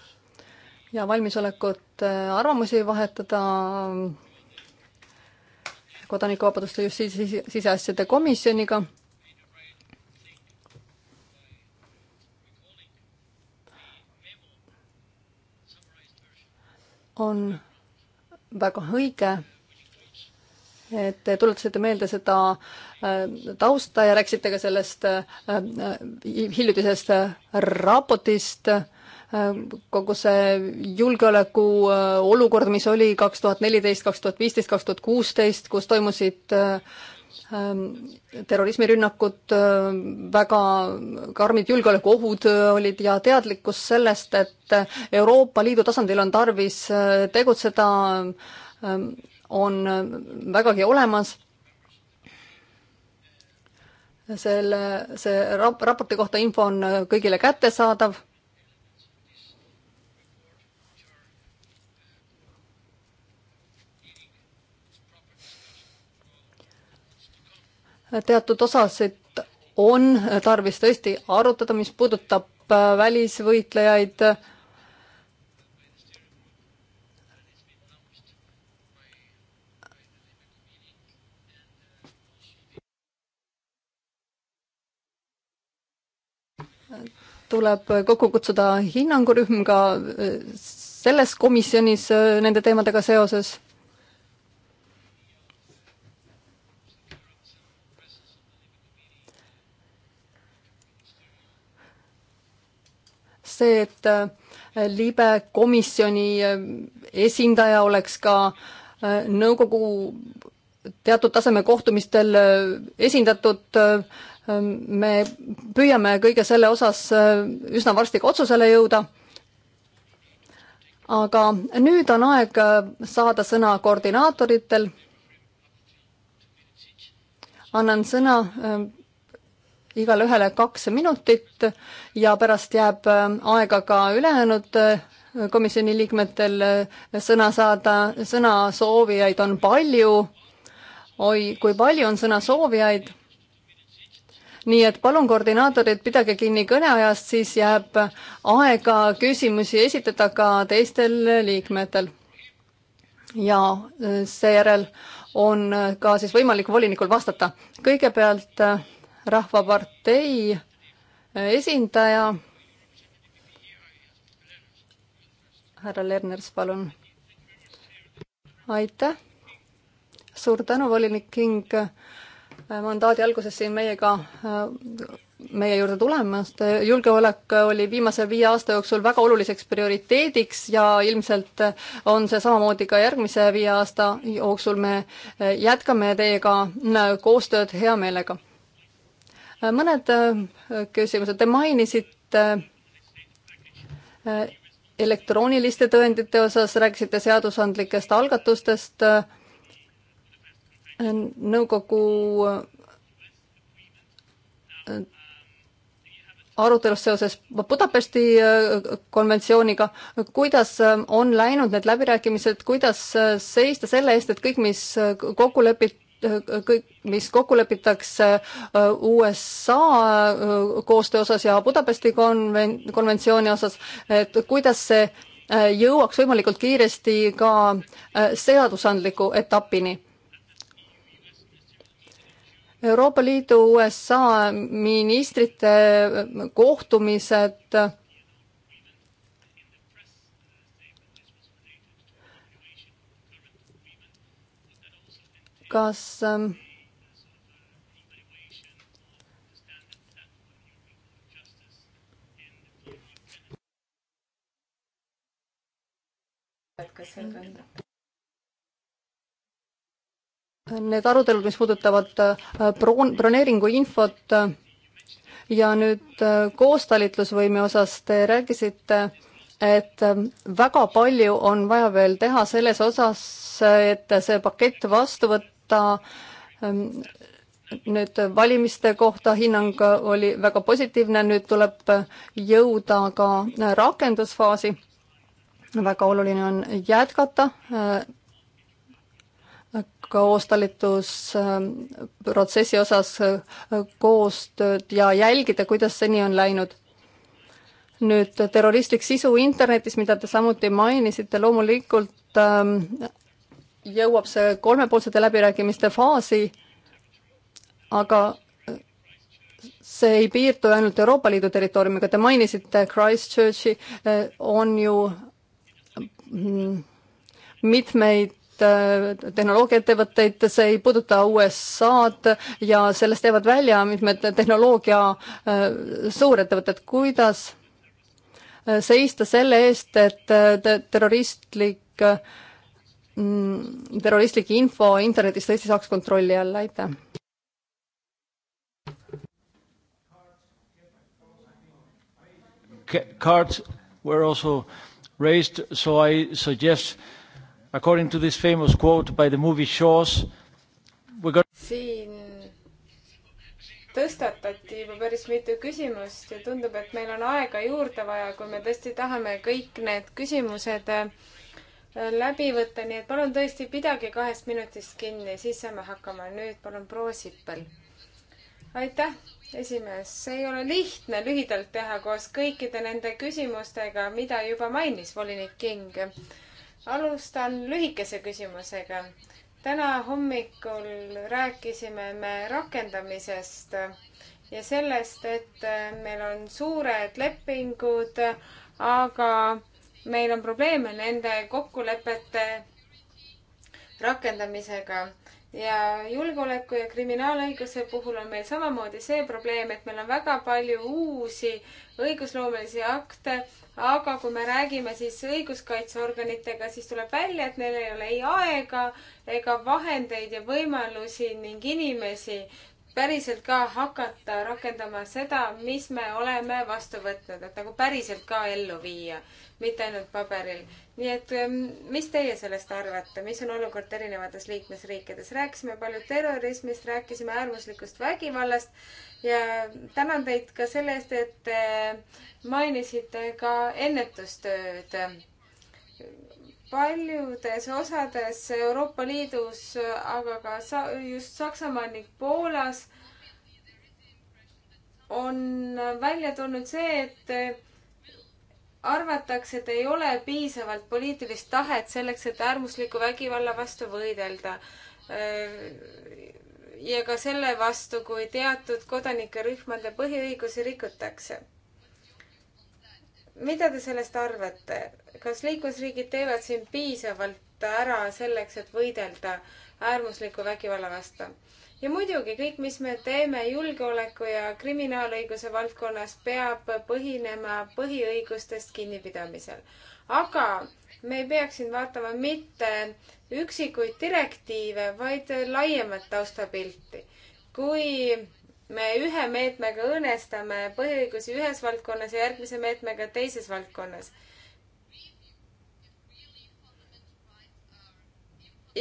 ja valmisolekut arvamusi vahetada kodanikuvabaduste justiits- siseasjade komisjoniga. on väga õige et te tuletasite meelde seda äh, tausta ja rääkisite ka sellest äh, hiljutisest äh, raportist, kogu see julgeoleku olukord, mis oli kaks tuhat neliteist, kaks tuhat viisteist, kaks tuhat kuusteist, kus toimusid terrorismirünnakud, väga karmid julgeolekuohud olid ja teadlikkus sellest, et Euroopa Liidu tasandil on tarvis tegutseda, on vägagi olemas. selle, see rap-, raporti kohta info on kõigile kättesaadav. teatud osasid on tarvis tõesti arutada, mis puudutab välisvõitlejaid äh, tuleb kokku kutsuda hinnangurühm ka äh, selles komisjonis äh, nende teemadega seoses. see, et äh, libe komisjoni esindaja oleks ka nõukogu teatud taseme kohtumistel äh, esindatud, äh, äh, me püüame kõige selle osas üsna varsti ka otsusele jõuda. aga nüüd on aeg saada sõna koordinaatoritel. annan sõna igale ühele kaks minutit ja pärast jääb aega ka ülejäänud komisjoni liikmetel sõna saada, sõnasoovijaid on palju oi, kui palju on sõna soovijaid. nii et palun, koordinaatorid, pidage kinni kõneajast, siis jääb aega küsimusi esitada ka teistel liikmetel. ja äh, seejärel on äh, ka siis võimalik volinikul vastata. kõigepealt äh, Rahvapartei esindaja härra Lerners, palun. aitäh suur tänu, volinik King, mandaadi alguses siin meiega, meie juurde tulemast. julgeolek oli viimase viie aasta jooksul väga oluliseks prioriteediks ja ilmselt on see samamoodi ka järgmise viie aasta jooksul. me jätkame teiega koostööd hea meelega. mõned küsimused, te mainisite elektrooniliste tõendite osas, rääkisite seadusandlikest algatustest nõukogu äh, arutelus seoses Budapesti äh, konventsiooniga, kuidas äh, on läinud need läbirääkimised, kuidas seista selle eest, et kõik, mis kokku lepiti, kõik, mis kokku lepitakse USA koostöö osas ja Budapesti konven-, konventsiooni osas, et kuidas see jõuaks võimalikult kiiresti ka seadusandliku etapini Euroopa Liidu USA ministrite kohtumised kas kas seal ka Need arutelud, mis puudutavad äh, broon-, broneeringu infot äh, ja nüüd äh, koostalitlusvõime osas te rääkisite, et väga palju on vaja veel teha selles osas, et see pakett vastu võtta ähm, nüüd valimiste kohta hinnang oli väga positiivne, nüüd tuleb jõuda ka rakendusfaasi. väga oluline on jätkata koostalitusprotsessi ähm, osas äh, koostööd ja jälgida, kuidas seni on läinud. nüüd äh, terroristlik sisu internetis, mida te samuti mainisite, loomulikult ähm, jõuab see kolmepoolsete läbirääkimiste faasi, aga äh, see ei piirdu ainult Euroopa Liidu territooriumiga, te mainisite Christchurchi, on ju mm, mitmeid Äh, tehnoloogiaettevõtteid, see ei puuduta USA-d ja sellest jäävad välja mitmed tehnoloogia äh, suurettevõtted, kuidas äh, seista selle eest, et terroristlik, mm, terroristlik info internetis tõesti saaks kontrolli alla, aitäh. Cards were also raised, so I suggest According to this famous quote by the movie Shores, we got siin tõstatati juba päris mitu küsimust ja tundub, et meil on aega juurde vaja, kui me tõesti tahame kõik need küsimused äh, läbi võtta, nii et palun tõesti pidage kahest minutist kinni, siis saame hakkama. nüüd palun proua Sippel. aitäh, esimees. see ei ole lihtne lühidalt teha koos kõikide nende küsimustega, mida juba mainis volinik King alustan lühikese küsimusega. täna hommikul rääkisime me rakendamisest ja sellest, et meil on suured lepingud, aga meil on probleeme nende kokkulepete rakendamisega ja julgeoleku ja kriminaalõiguse puhul on meil samamoodi see probleem, et meil on väga palju uusi õigusloomelisi akte, aga kui me räägime siis õiguskaitseorganitega, siis tuleb välja, et neil ei ole ei aega ega vahendeid ja võimalusi ning inimesi päriselt ka hakata rakendama seda, mis me oleme vastu võtnud, et nagu päriselt ka ellu viia, mitte ainult paberil. nii et ähm, mis teie sellest arvate, mis on olukord erinevates liikmesriikides? rääkisime palju terrorismist, rääkisime äärmuslikust vägivallast ja tänan teid ka selle eest, et mainisite ka ennetustööd paljudes osades Euroopa Liidus, aga ka sa just Saksamaal ning Poolas on välja tulnud see, et arvatakse, et ei ole piisavalt poliitilist tahet selleks, et äärmusliku vägivalla vastu võidelda. ja ka selle vastu, kui teatud kodanikerühmade põhiõigusi rikutakse mida te sellest arvate, kas liikmesriigid teevad siin piisavalt ära selleks, et võidelda äärmusliku vägivalla vastu? ja muidugi kõik, mis me teeme julgeoleku ja kriminaalõiguse valdkonnas, peab põhinema põhiõigustest kinnipidamisel. aga me ei peaks siin vaatama mitte üksikuid direktiive, vaid laiemat taustapilti. kui me ühe meetmega õõnestame põhiõigusi ühes valdkonnas ja järgmise meetmega teises valdkonnas.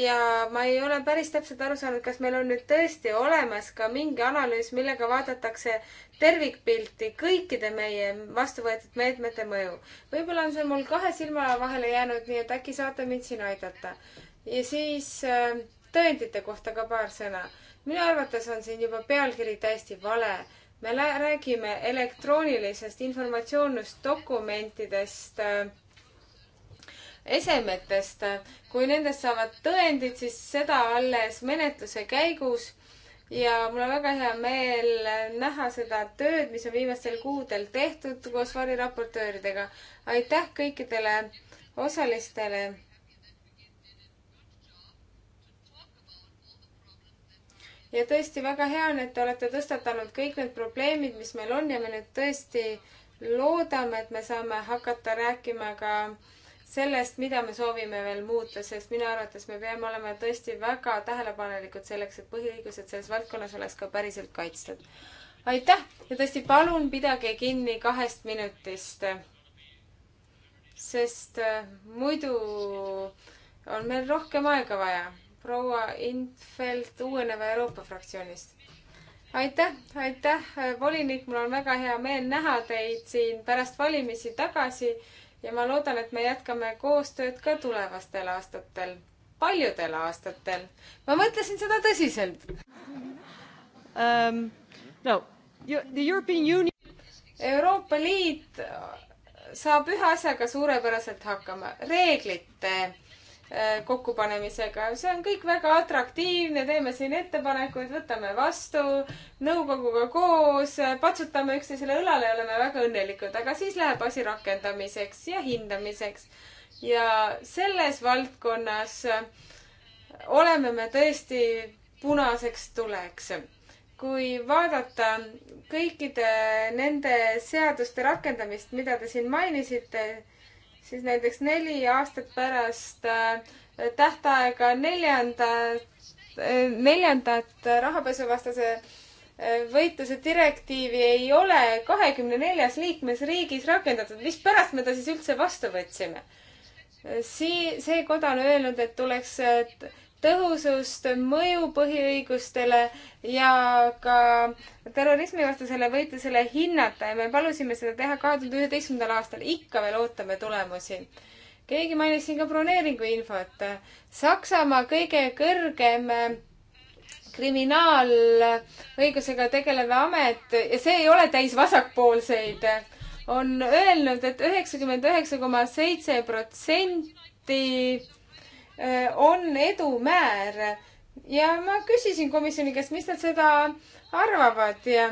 ja ma ei ole päris täpselt aru saanud, kas meil on nüüd tõesti olemas ka mingi analüüs, millega vaadatakse tervikpilti kõikide meie vastu võetud meetmete mõju. võib-olla on see mul kahe silma vahele jäänud, nii et äkki saate mind siin aidata. ja siis äh, tõendite kohta ka paar sõna minu arvates on siin juba pealkiri täiesti vale. me räägime elektroonilisest informatsioonist, dokumentidest, äh, esemetest. kui nendest saavad tõendid, siis seda alles menetluse käigus ja mul on väga hea meel näha seda tööd, mis on viimastel kuudel tehtud koos variraportööridega. aitäh kõikidele osalistele ja tõesti väga hea on, et te olete tõstatanud kõik need probleemid, mis meil on ja me nüüd tõesti loodame, et me saame hakata rääkima ka sellest, mida me soovime veel muuta, sest minu arvates me peame olema tõesti väga tähelepanelikud selleks, et põhiõigused selles valdkonnas oleks ka päriselt kaitstud. aitäh ja tõesti palun pidage kinni kahest minutist. sest äh, muidu on meil rohkem aega vaja proua Infeld Uueneva Euroopa fraktsioonist. aitäh, aitäh, äh, volinik, mul on väga hea meel näha teid siin pärast valimisi tagasi ja ma loodan, et me jätkame koostööd ka tulevastel aastatel, paljudel aastatel. ma mõtlesin seda tõsiselt um,. No, the European Union. Euroopa Liit saab ühe asjaga suurepäraselt hakkama, reeglite Äh, kokkupanemisega, see on kõik väga atraktiivne, teeme siin ettepanekuid, võtame vastu nõukoguga koos, patsutame üksteisele õlale ja oleme väga õnnelikud, aga siis läheb asi rakendamiseks ja hindamiseks. ja selles valdkonnas oleme me tõesti punaseks tuleks. kui vaadata kõikide nende seaduste rakendamist, mida te siin mainisite, siis näiteks neli aastat pärast äh, tähtaega neljanda, äh, neljandat rahapesuvastase äh, võitluse direktiivi ei ole kahekümne neljas liikmesriigis rakendatud, mispärast me ta siis üldse vastu võtsime? sii-, see koda on öelnud, et tuleks tõhusust mõju põhiõigustele ja ka terrorismivastasele võitlusele hinnata ja me palusime seda teha kahe tuhande üheteistkümnendal aastal. ikka veel ootame tulemusi. keegi mainis siin ka broneeringu infot. Saksamaa kõige kõrgem äh, kriminaalõigusega tegelev amet ja see ei ole täis vasakpoolseid, on öelnud et, et üheksakümmend üheksa koma seitse protsenti Äh, on edu määr. ja ma küsisin komisjoni käest, mis nad seda arvavad ja,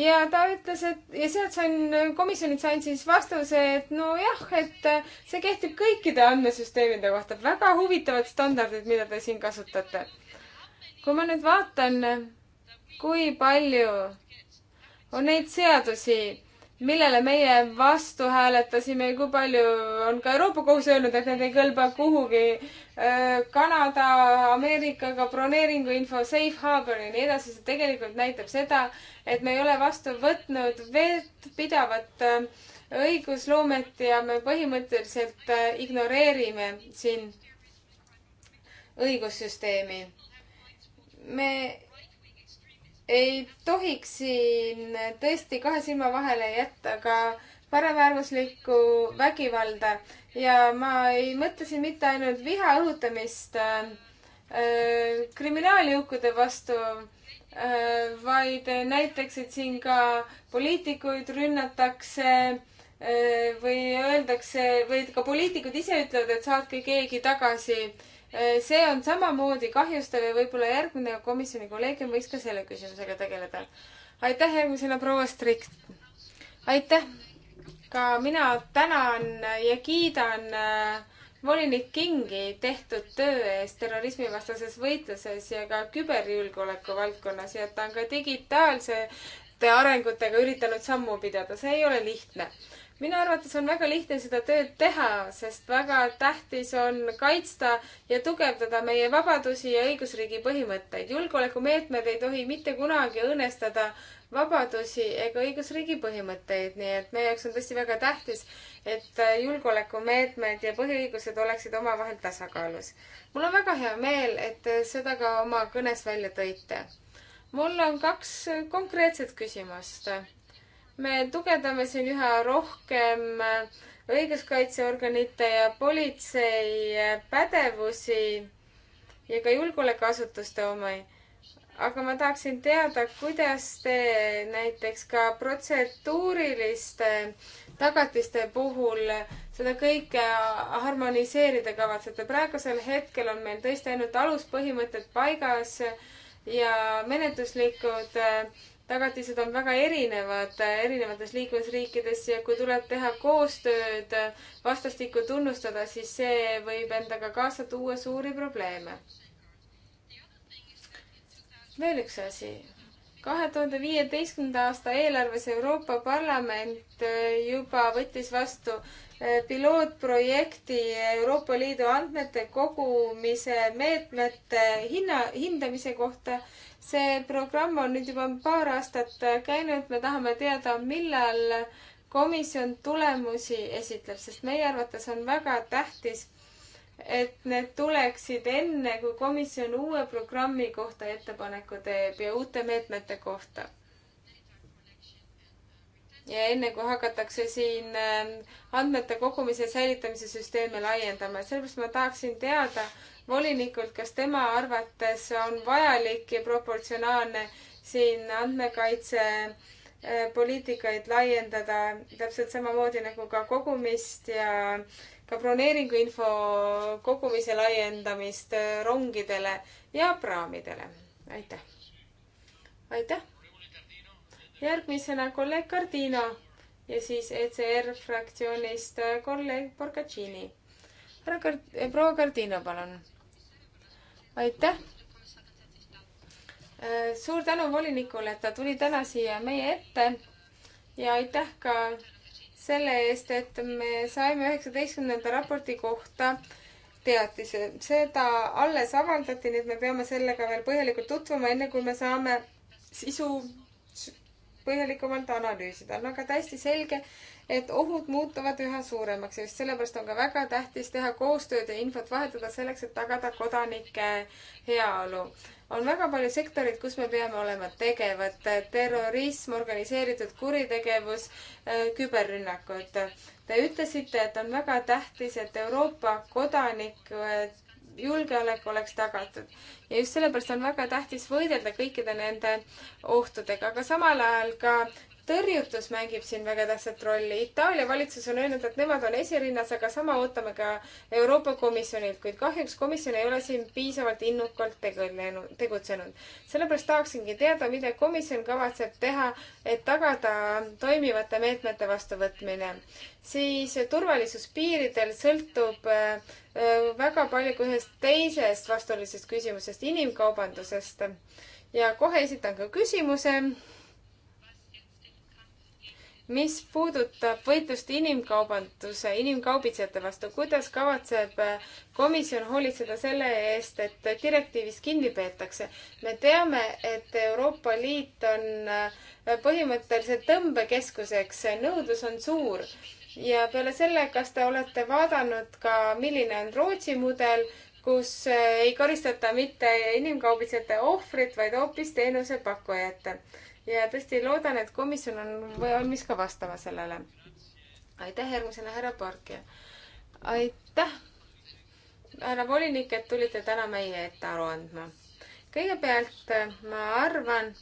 ja ta ütles, et ja sealt sain, komisjonilt sain siis vastuse, et nojah, et see kehtib kõikide andmesüsteemide kohta. väga huvitavad standardid, mida te siin kasutate. kui ma nüüd vaatan, kui palju on neid seadusi millele meie vastu hääletasime ja kui palju on ka Euroopa Kohus öelnud, et need ei kõlba kuhugi. Äh, Kanada, Ameerikaga broneeringu info, safe harbor ja nii edasi, see tegelikult näitab seda, et me ei ole vastu võtnud vettpidavat äh, õigusloomet ja me põhimõtteliselt äh, ignoreerime siin õigussüsteemi. me ei tohiks siin tõesti kahe silma vahele jätta ka paremäärmuslikku vägivalda ja ma ei mõtle siin mitte ainult viha õhutamist äh, kriminaaljõukude vastu äh,, vaid näiteks, et siin ka poliitikuid rünnatakse äh, või öeldakse või ka poliitikud ise ütlevad, et saatke keegi tagasi äh, Äh, see on samamoodi kahjustav ja võib-olla järgmine komisjoni kolleegium võiks ka selle küsimusega tegeleda. aitäh järgmisena, proua Strik. aitäh. ka mina tänan ja kiidan äh, volinik Kingi tehtud töö eest terrorismivastases võitluses ja ka küberjulgeoleku valdkonnas ja et ta on ka digitaalsete arengutega üritanud sammu pidada, see ei ole lihtne minu arvates on väga lihtne seda tööd teha, sest väga tähtis on kaitsta ja tugevdada meie vabadusi ja õigusriigi põhimõtteid. julgeolekumeetmed ei tohi mitte kunagi õõnestada vabadusi ega õigusriigi põhimõtteid, nii et meie jaoks on tõesti väga tähtis, et äh, julgeolekumeetmed ja põhiõigused oleksid omavahel tasakaalus. mul on väga hea meel, et seda ka oma kõnes välja tõite. mul on kaks äh, konkreetset küsimust me tugevdame siin üha rohkem õiguskaitseorganite ja politsei pädevusi ja ka julgeolekuasutuste omi. aga ma tahaksin teada, kuidas te näiteks ka protseduuriliste tagatiste puhul seda kõike harmoniseerida kavatsete. praegusel hetkel on meil tõesti ainult aluspõhimõtted paigas ja menetluslikud tagatised on väga erinevad äh, erinevates liikmesriikides ja kui tuleb teha koostööd, äh, vastastikku tunnustada, siis see võib endaga kaasa tuua suuri probleeme. veel üks asi. kahe tuhande viieteistkümnenda aasta eelarves Euroopa Parlament äh, juba võttis vastu pilootprojekti Euroopa Liidu andmete kogumise meetmete hinna, hindamise kohta see programm on nüüd juba paar aastat käinud, me tahame teada, millal komisjon tulemusi esitleb, sest meie arvates on väga tähtis, et need tuleksid enne, kui komisjon uue programmi kohta ettepaneku teeb ja uute meetmete kohta. ja enne, kui hakatakse siin ähm, andmete kogumise ja säilitamise süsteeme laiendama, sellepärast ma tahaksin teada, volinikult, kas tema arvates on vajalik ja proportsionaalne siin andmekaitse äh, poliitikaid laiendada täpselt samamoodi nagu ka kogumist ja ka broneeringuinfo kogumise laiendamist äh, rongidele ja praamidele. aitäh. aitäh. järgmisena kolleeg Cardino ja siis ECR fraktsioonist äh, kolleeg Borgacini. härra Card-, proua Cardino, palun aitäh! Äh, suur tänu volinikule, et ta tuli täna siia meie ette ja aitäh ka selle eest, et me saime üheksateistkümnenda raporti kohta teatise. seda alles avaldati, nii et me peame sellega veel põhjalikult tutvuma, enne kui me saame sisu põhjalikumalt analüüsida. on aga täiesti selge, et ohud muutuvad üha suuremaks ja just sellepärast on ka väga tähtis teha koostööd ja infot vahetada selleks, et tagada kodanike heaolu. on väga palju sektoreid, kus me peame olema tegevad. terrorism, organiseeritud kuritegevus, äh, küberrünnakud. Te ütlesite, et on väga tähtis, et Euroopa kodanikud äh, julgeolek oleks tagatud. ja just sellepärast on väga tähtis võidelda kõikide nende ohtudega, aga samal ajal ka tõrjutus mängib siin väga tähtsat rolli. Itaalia valitsus on öelnud, et nemad on esirinnas, aga sama ootame ka Euroopa Komisjonilt, kuid kahjuks komisjon ei ole siin piisavalt innukalt tegelenud, tegutsenud. sellepärast tahaksingi teada, mida komisjon kavatseb teha, et tagada toimivate meetmete vastuvõtmine. siis turvalisus piiridel sõltub äh, äh, väga palju ka ühest teisest vastuolulisest küsimusest, inimkaubandusest. ja kohe esitan ka küsimuse mis puudutab võitlust inimkaubanduse, inimkaubitsejate vastu, kuidas kavatseb äh, komisjon hoolitseda selle eest, et direktiivist kinni peetakse? me teame, et Euroopa Liit on äh, põhimõtteliselt tõmbekeskuseks, nõudlus on suur ja peale selle, kas te olete vaadanud ka, milline on Rootsi mudel, kus äh, ei karistata mitte inimkaubitsejate ohvrit, vaid hoopis teenusepakkujat ja tõesti loodan, et komisjon on valmis ka vastama sellele. aitäh, järgmisena härra Park ja aitäh, härra volinik, et tulite täna meie ette aru andma. kõigepealt äh, ma arvan,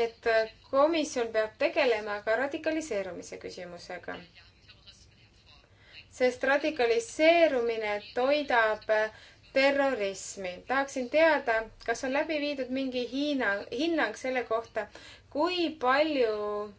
et komisjon peab tegelema ka radikaliseerumise küsimusega. sest radikaliseerumine toidab terrorismi. tahaksin teada, kas on läbi viidud mingi Hiina hinnang selle kohta, kui palju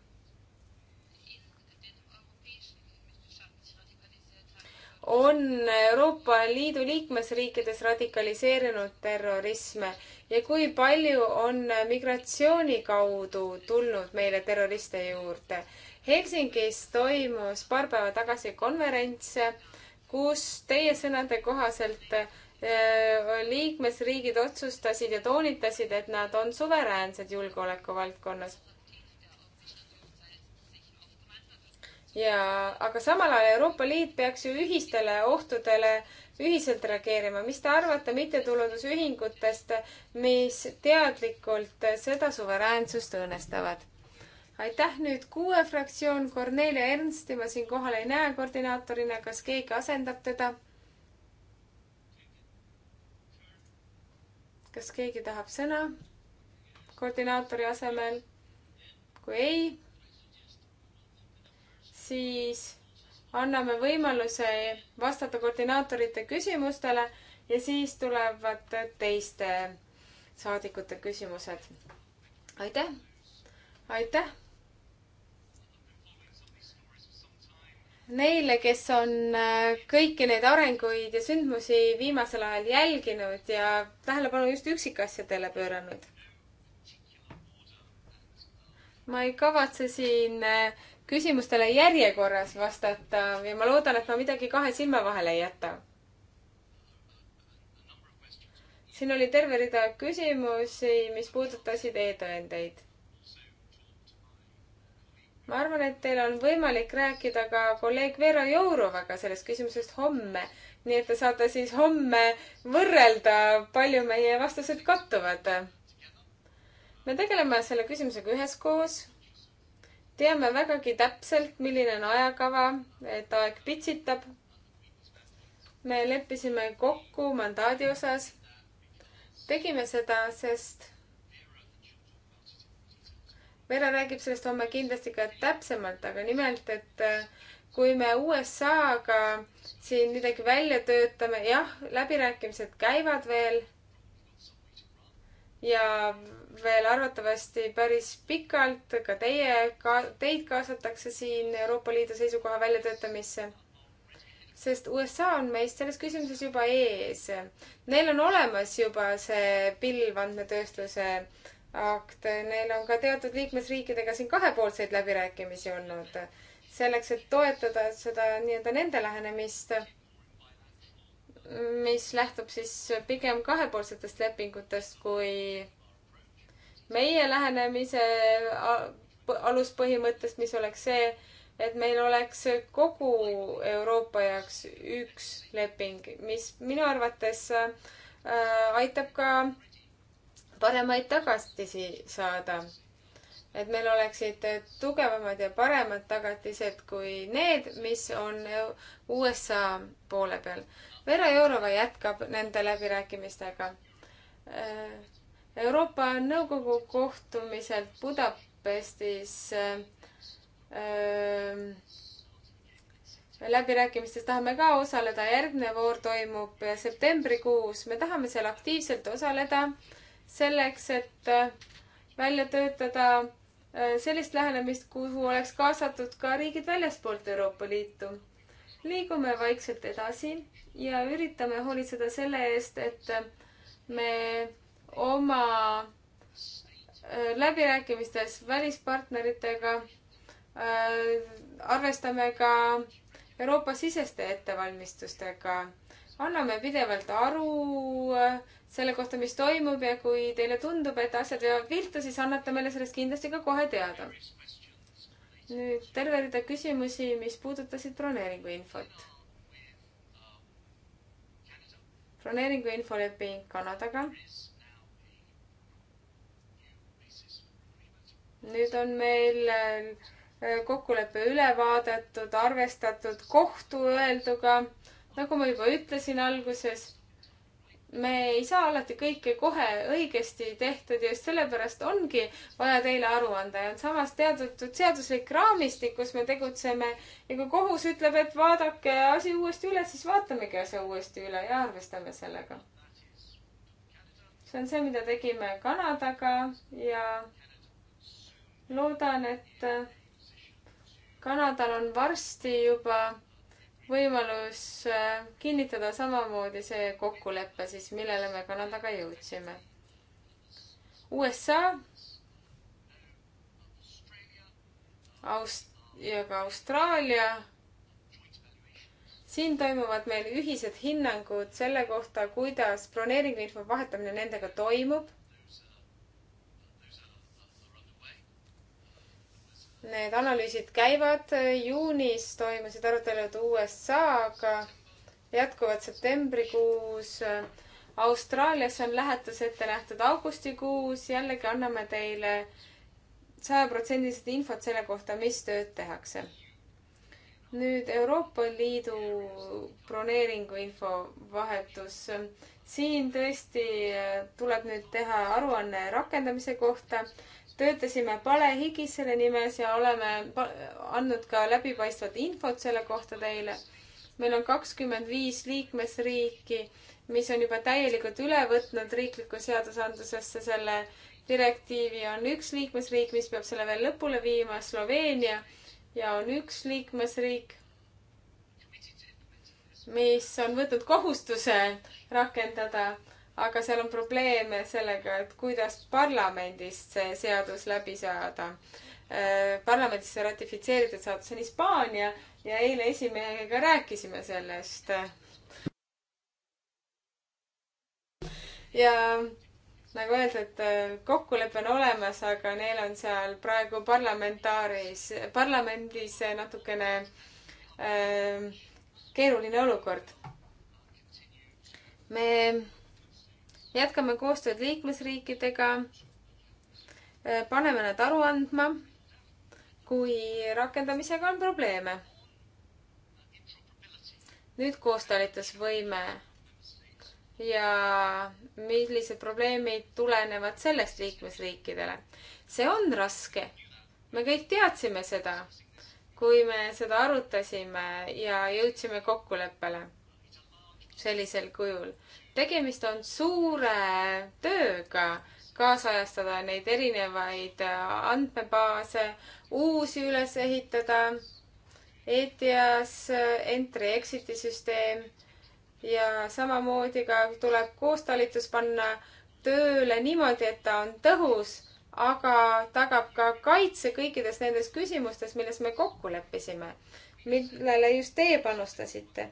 on Euroopa Liidu liikmesriikides radikaliseerunud terrorisme ja kui palju on migratsiooni kaudu tulnud meile terroriste juurde. Helsingis toimus paar päeva tagasi konverents, kus teie sõnade kohaselt Äh, liikmesriigid otsustasid ja toonitasid, et nad on suveräänsed julgeoleku valdkonnas. ja, aga samal ajal Euroopa Liit peaks ju ühistele ohtudele ühiselt reageerima. mis te arvate mittetulundusühingutest, mis teadlikult seda suveräänsust õõnestavad? aitäh, nüüd kuue fraktsioon, Kornelia Ernsti ma siin kohal ei näe koordinaatorina, kas keegi asendab teda? kas keegi tahab sõna koordinaatori asemel? kui ei, siis anname võimaluse vastata koordinaatorite küsimustele ja siis tulevad teiste saadikute küsimused. aitäh, aitäh neile, kes on äh, kõiki neid arenguid ja sündmusi viimasel ajal jälginud ja tähelepanu just üksikasjadele pööranud. ma ei kavatse siin äh, küsimustele järjekorras vastata ja ma loodan, et ma midagi kahe silma vahele ei jäta. siin oli terve rida küsimusi, mis puudutasid e-tõendeid ma arvan, et teil on võimalik rääkida ka kolleeg Vera Jourovaga sellest küsimusest homme. nii et te saate siis homme võrrelda, palju meie vastused kattuvad. me tegeleme selle küsimusega üheskoos. teame vägagi täpselt, milline on ajakava, et aeg pitsitab. me leppisime kokku mandaadi osas. tegime seda, sest Vere räägib sellest homme kindlasti ka täpsemalt, aga nimelt, et äh, kui me USA-ga siin midagi välja töötame, jah, läbirääkimised käivad veel. ja veel arvatavasti päris pikalt ka teie, ka teid kaasatakse siin Euroopa Liidu seisukoha väljatöötamisse. sest USA on meist selles küsimuses juba ees. Neil on olemas juba see pilvandmetööstuse äh, akte, neil on ka teatud liikmesriikidega siin kahepoolseid läbirääkimisi olnud selleks, et toetada seda nii-öelda nende lähenemist, mis lähtub siis pigem kahepoolsetest lepingutest kui meie lähenemise aluspõhimõttest, mis oleks see, et meil oleks kogu Euroopa jaoks üks leping, mis minu arvates äh, aitab ka paremaid tagatisi saada. et meil oleksid tugevamad ja paremad tagatised kui need, mis on USA poole peal. Vera Jourova jätkab nende läbirääkimistega. Äh, Euroopa Nõukogu kohtumiselt Budapestis äh, äh, läbirääkimistes tahame ka osaleda, järgmine voor toimub septembrikuus, me tahame seal aktiivselt osaleda äh, selleks, et äh, välja töötada äh, sellist lähenemist, kuhu oleks kaasatud ka riigid väljaspoolt Euroopa Liitu. liigume vaikselt edasi ja üritame hoolitseda selle eest, et äh, me oma läbirääkimistes välispartneritega arvestame ka Euroopa siseste ettevalmistustega anname pidevalt aru äh, selle kohta, mis toimub ja kui teile tundub, et asjad veavad viltu, siis annate meile sellest kindlasti ka kohe teada. nüüd terve rida küsimusi, mis puudutasid broneeringu infot. broneeringu infoleping Kanadaga. nüüd on meil äh, kokkulepe üle vaadatud, arvestatud kohtu öelduga nagu ma juba ütlesin alguses, me ei saa alati kõike kohe õigesti tehtud ja just sellepärast ongi vaja teile aru anda ja on samas teatud seaduslik raamistik, kus me tegutseme ja kui kohus ütleb, et vaadake asi uuesti üle, siis vaatamegi asja uuesti üle ja arvestame sellega. see on see, mida tegime Kanadaga ja loodan, et Kanadal on varsti juba võimalus äh, kinnitada samamoodi see kokkulepe siis, millele me Kanadaga jõudsime. USA, Aust- ja ka Austraalia siin toimuvad meil ühised hinnangud selle kohta, kuidas broneeringuinfo vahetamine nendega toimub. Need analüüsid käivad, juunis toimusid arutelud USA-ga, jätkuvad septembrikuus. Austraaliasse on lähetus ette nähtud augustikuus, jällegi anname teile sajaprotsendiliselt infot selle kohta, mis tööd tehakse. nüüd Euroopa Liidu broneeringu infovahetus. siin tõesti eh, tuleb nüüd teha aruanne rakendamise kohta töötasime palehigis selle nimes ja oleme andnud ka läbipaistvat infot selle kohta teile. meil on kakskümmend viis liikmesriiki, mis on juba täielikult üle võtnud riiklikku seadusandlusesse selle direktiivi. on üks liikmesriik, mis peab selle veel lõpule viima, Sloveenia ja on üks liikmesriik, mis on võtnud kohustuse rakendada aga seal on probleeme sellega, et kuidas parlamendist see seadus läbi saada. Äh, parlamendis see ratifitseeritud seadus on Hispaania ja eile esimehega rääkisime sellest. ja nagu öeldud, äh, kokkulepe on olemas, aga neil on seal praegu parlamentaaris, parlamendis natukene äh, keeruline olukord. me jätkame koostööd liikmesriikidega, äh, paneme nad aru andma, kui rakendamisega on probleeme. nüüd koostalitusvõime ja millised probleemid tulenevad sellest liikmesriikidele. see on raske. me kõik teadsime seda, kui me seda arutasime ja jõudsime kokkuleppele sellisel kujul tegemist on suure tööga kaasajastada neid erinevaid äh, andmebaase, uusi üles ehitada, ETIAS, äh, entry-exit'i süsteem ja samamoodi ka tuleb koostalitus panna tööle niimoodi, et ta on tõhus, aga tagab ka kaitse kõikides nendes küsimustes, milles me kokku leppisime, millele just teie panustasite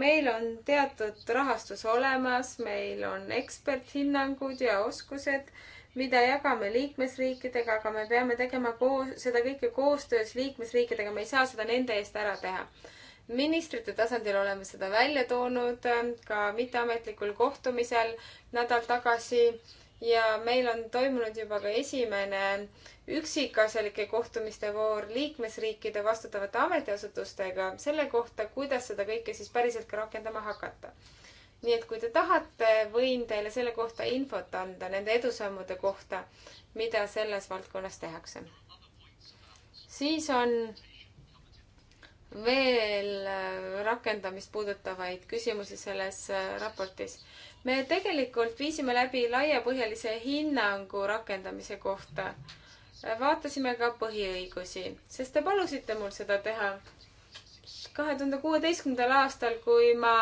meil on teatud rahastus olemas, meil on eksperthinnangud ja oskused, mida jagame liikmesriikidega, aga me peame tegema koos, seda kõike koostöös liikmesriikidega, me ei saa seda nende eest ära teha. ministrite tasandil oleme seda välja toonud ka mitteametlikul kohtumisel nädal tagasi ja meil on toimunud juba ka esimene üksikasjalike kohtumiste voor liikmesriikide vastutavate ametiasutustega selle kohta, kuidas seda kõike siis päriselt ka rakendama hakata. nii et kui te tahate, võin teile selle kohta infot anda, nende edusammude kohta, mida selles valdkonnas tehakse. siis on veel rakendamist puudutavaid küsimusi selles raportis me tegelikult viisime läbi laiapõhjalise hinnangu rakendamise kohta. vaatasime ka põhiõigusi, sest te palusite mul seda teha. kahe tuhande kuueteistkümnendal aastal, kui ma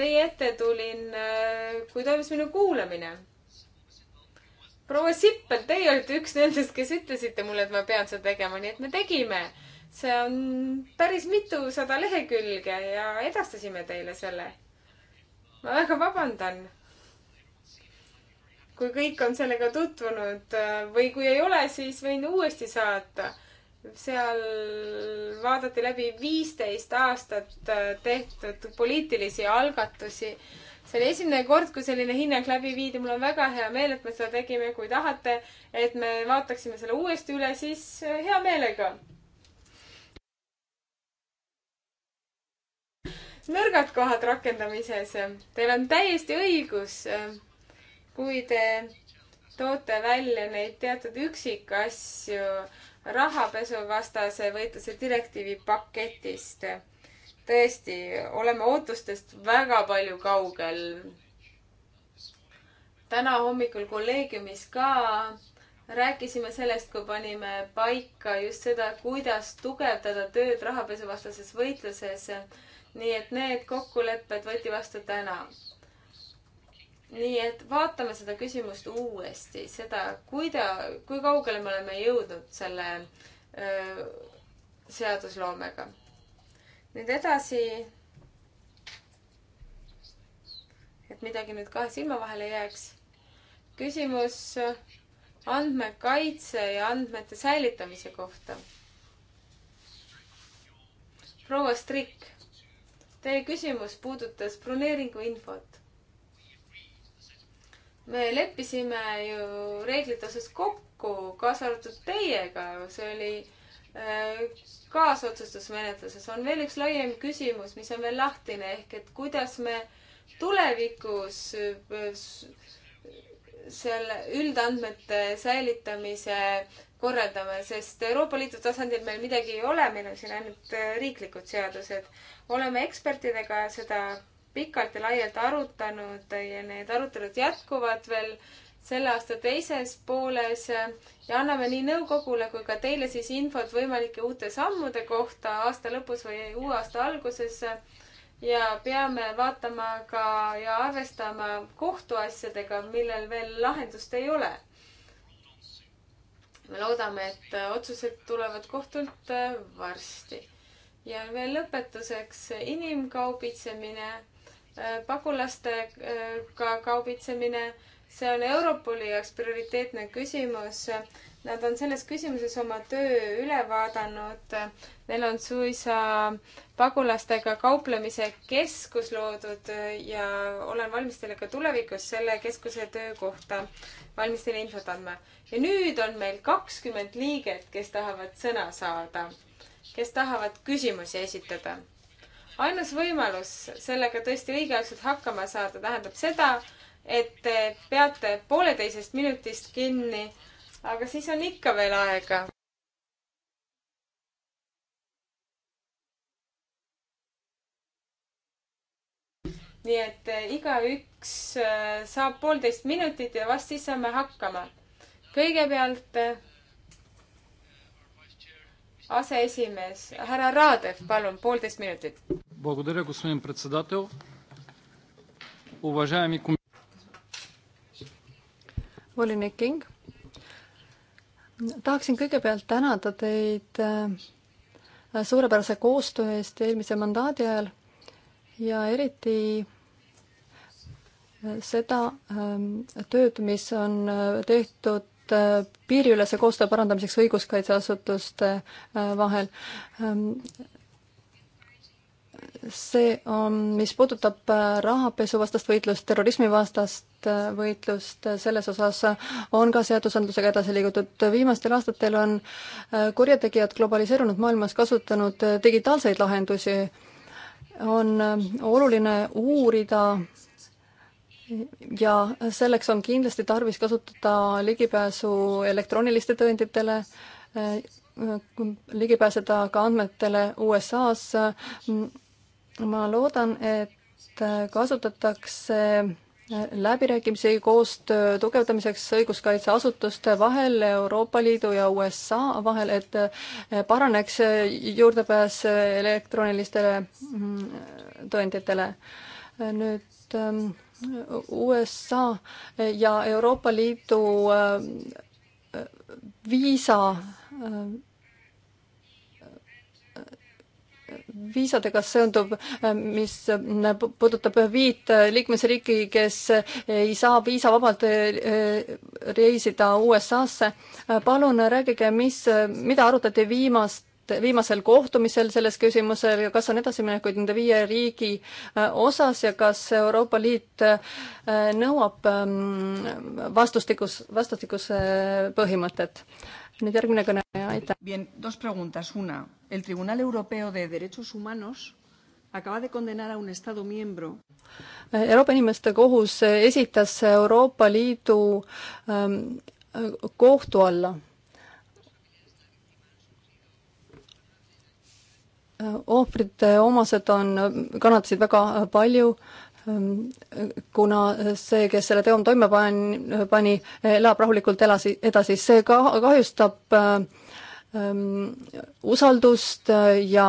teie ette tulin, äh, kui toimus minu kuulamine. proua Sippel, teie olite üks nendest, kes ütlesite mulle, et ma pean seda tegema, nii et me tegime. see on päris mitusada lehekülge ja edastasime teile selle ma väga vabandan. kui kõik on sellega tutvunud äh, või kui ei ole, siis võin uuesti saata. seal vaadati läbi viisteist aastat äh, tehtud poliitilisi algatusi. see oli esimene kord, kui selline hinnang läbi viidi. mul on väga hea meel, et me seda tegime. kui tahate, et me vaataksime selle uuesti üle, siis äh, hea meelega nõrgad kohad rakendamises. Teil on täiesti õigus, kui te toote välja neid teatud üksikasju rahapesuvastase võitluse direktiivi paketist. tõesti, oleme ootustest väga palju kaugel. täna hommikul kolleegiumis ka rääkisime sellest, kui panime paika just seda, kuidas tugevdada tööd rahapesuvastases võitluses nii et need kokkulepped võeti vastu täna. nii et vaatame seda küsimust uuesti, seda, kuida-, kui kaugele me oleme jõudnud selle öö, seadusloomega. nüüd edasi. et midagi nüüd kahe silma vahele jääks. küsimus andmekaitse ja andmete säilitamise kohta. proua Strik Teie küsimus puudutas broneeringu infot. me leppisime ju reeglite osas kokku, kaasa arvatud teiega, see oli äh, kaasotsustusmenetluses on veel üks laiem küsimus, mis on veel lahtine ehk et kuidas me tulevikus äh, selle üldandmete säilitamise korraldame, sest Euroopa Liidu tasandil meil midagi ei ole, meil on siin ainult äh, riiklikud seadused. oleme ekspertidega seda pikalt ja laialt arutanud ja need arutelud jätkuvad veel selle aasta teises pooles ja anname nii nõukogule kui ka teile siis infot võimalike uute sammude kohta aasta lõpus või uue aasta alguses. ja peame vaatama ka ja arvestama kohtuasjadega, millel veel lahendust ei ole me loodame, et äh, otsused tulevad kohtult äh, varsti. ja veel lõpetuseks äh, inimkaubitsemine, pagulastega kaubitsemine, see on Europoli jaoks prioriteetne küsimus. Nad on selles küsimuses oma töö üle vaadanud. Neil on suisa pagulastega kauplemise keskus loodud ja olen valmis teile ka tulevikus selle keskuse töö kohta äh, valmis teile infot andma. ja nüüd on meil kakskümmend liiget, kes tahavad sõna saada, kes tahavad küsimusi esitada. ainus võimalus sellega tõesti õigeaegselt hakkama saada tähendab seda, et te peate pooleteisest minutist kinni, aga siis on ikka veel aega. nii et eh, igaüks eh, saab poolteist minutit ja vast siis saame hakkama. kõigepealt eh, aseesimees härra Raadev, palun, poolteist minutit. volinik King, tahaksin kõigepealt tänada teid suurepärase koostöö eest eelmise mandaadi ajal ja eriti seda ähm, tööd, mis on äh, tehtud äh, piiriülese koostöö parandamiseks õiguskaitseasutuste äh, vahel. Ähm, see on, mis puudutab rahapesuvastast võitlust, terrorismivastast võitlust, selles osas on ka seadusandlusega edasi liigutud. viimastel aastatel on kurjategijad globaliseerunud maailmas kasutanud digitaalseid lahendusi, on oluline uurida ja selleks on kindlasti tarvis kasutada ligipääsu elektrooniliste tõenditele, äh, ligi pääseda ka andmetele USA-s. ma loodan, et kasutatakse läbirääkimisi koostöö tugevdamiseks õiguskaitseasutuste vahel Euroopa Liidu ja USA vahel, et paraneks juurdepääs elektroonilistele mm, tõenditele. nüüd ähm, USA ja Euroopa Liidu äh, viisa, äh, äh, viisadega seonduv, mis puudutab viit liikmesriiki, kes ei saa viisavabalt reisida USA-sse. palun rääkige, mis, mida arutati viimast viimasel kohtumisel selles küsimusel ja kas on edasiminekuid nende viie riigi äh, osas ja kas Euroopa Liit äh, nõuab ähm, vastustikus, vastastikuse äh, põhimõtet? nüüd järgmine kõne, aitäh. Bien, dos preguntas, una, el Tribunal Europeo de Derechos Humanos acaba de condenar a un Estado miembro. Euroopa Inimeste Kohus esitas Euroopa Liidu ähm, kohtu alla ohvrite äh, omased on, kannatasid väga äh, palju, ähm, kuna see, kes selle teo toime pani, pani, äh, elab rahulikult elasi, edasi, see ka kahjustab ähm, usaldust ja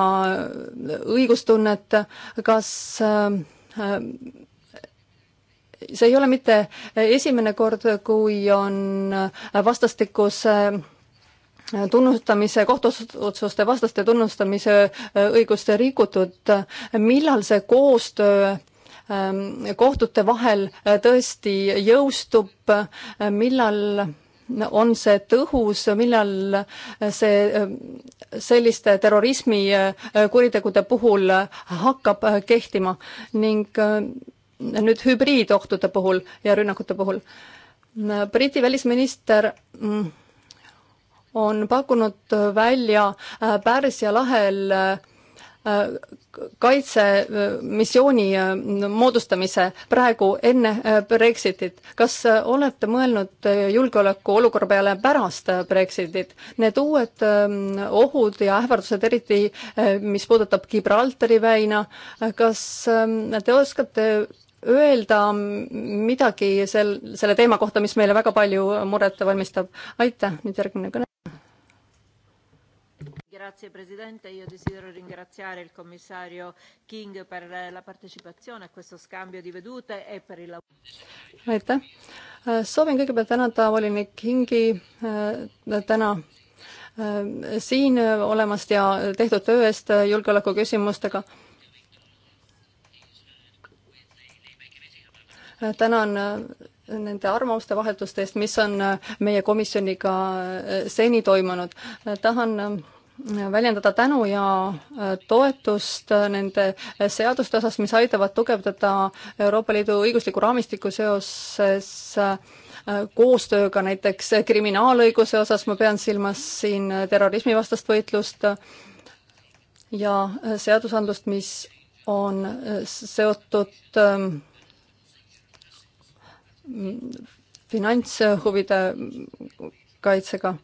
õigustunnet, kas see ei ole mitte esimene kord, kui on vastastikuse tunnustamise, kohtuotsuste vastaste tunnustamise äh, õigust rikutud, millal see koostöö ähm, kohtute vahel äh, tõesti jõustub, millal on see tõhus, millal see äh, selliste terrorismikuritegude puhul hakkab kehtima ning nüüd hübriidohtude puhul ja rünnakute puhul. Briti välisminister mm, on pakkunud välja äh, Pärsia lahel äh, kaitsemissiooni äh, moodustamise praegu enne Brexitit. kas olete mõelnud julgeolekuolukorra peale pärast Brexitit? Need uued ähm, ohud ja ähvardused, eriti mis puudutab Gibraltari väina, kas ähm, te oskate öelda midagi sel, selle teema kohta, mis meile väga palju muret valmistab? aitäh, nüüd järgmine kõne. Grazie Presidente, io desidero ringraziare il Commissario King per eh, la partecipazione a questo scambio di vedute e per il lavoro. aitäh, äh, soovin kõigepealt tänada volinik Kingi äh, täna äh, siin olemast ja tehtud töö eest julgeoleku küsimustega. tänan nende arvamuste vahetuste eest, mis on meie komisjoniga seni toimunud. tahan väljendada tänu ja äh, toetust äh, nende äh, seaduste osas, mis aitavad tugevdada Euroopa Liidu õiguslikku raamistikku seoses koostööga näiteks kriminaalõiguse osas, ma pean silmas siin terrorismivastast võitlust ja seadusandlust, mis on seotud ähm, finantshuvide kaitsega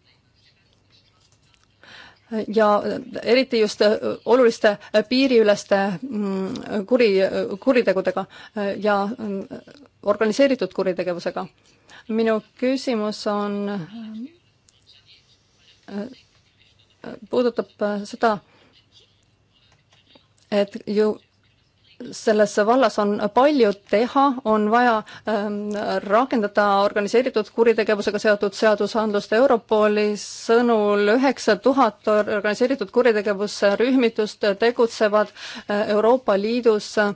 ja eriti just äh, oluliste äh, piiriüleste mm, kuri, äh, kuritegudega ja organiseeritud kuritegevusega. minu küsimus on, puudutab seda, et ju selles vallas on palju teha, on vaja ähm, rakendada organiseeritud kuritegevusega seotud seadusandlust. Europoli sõnul üheksa tuhat organiseeritud kuritegevuse rühmitust tegutsevad äh, Euroopa Liidus ähm,.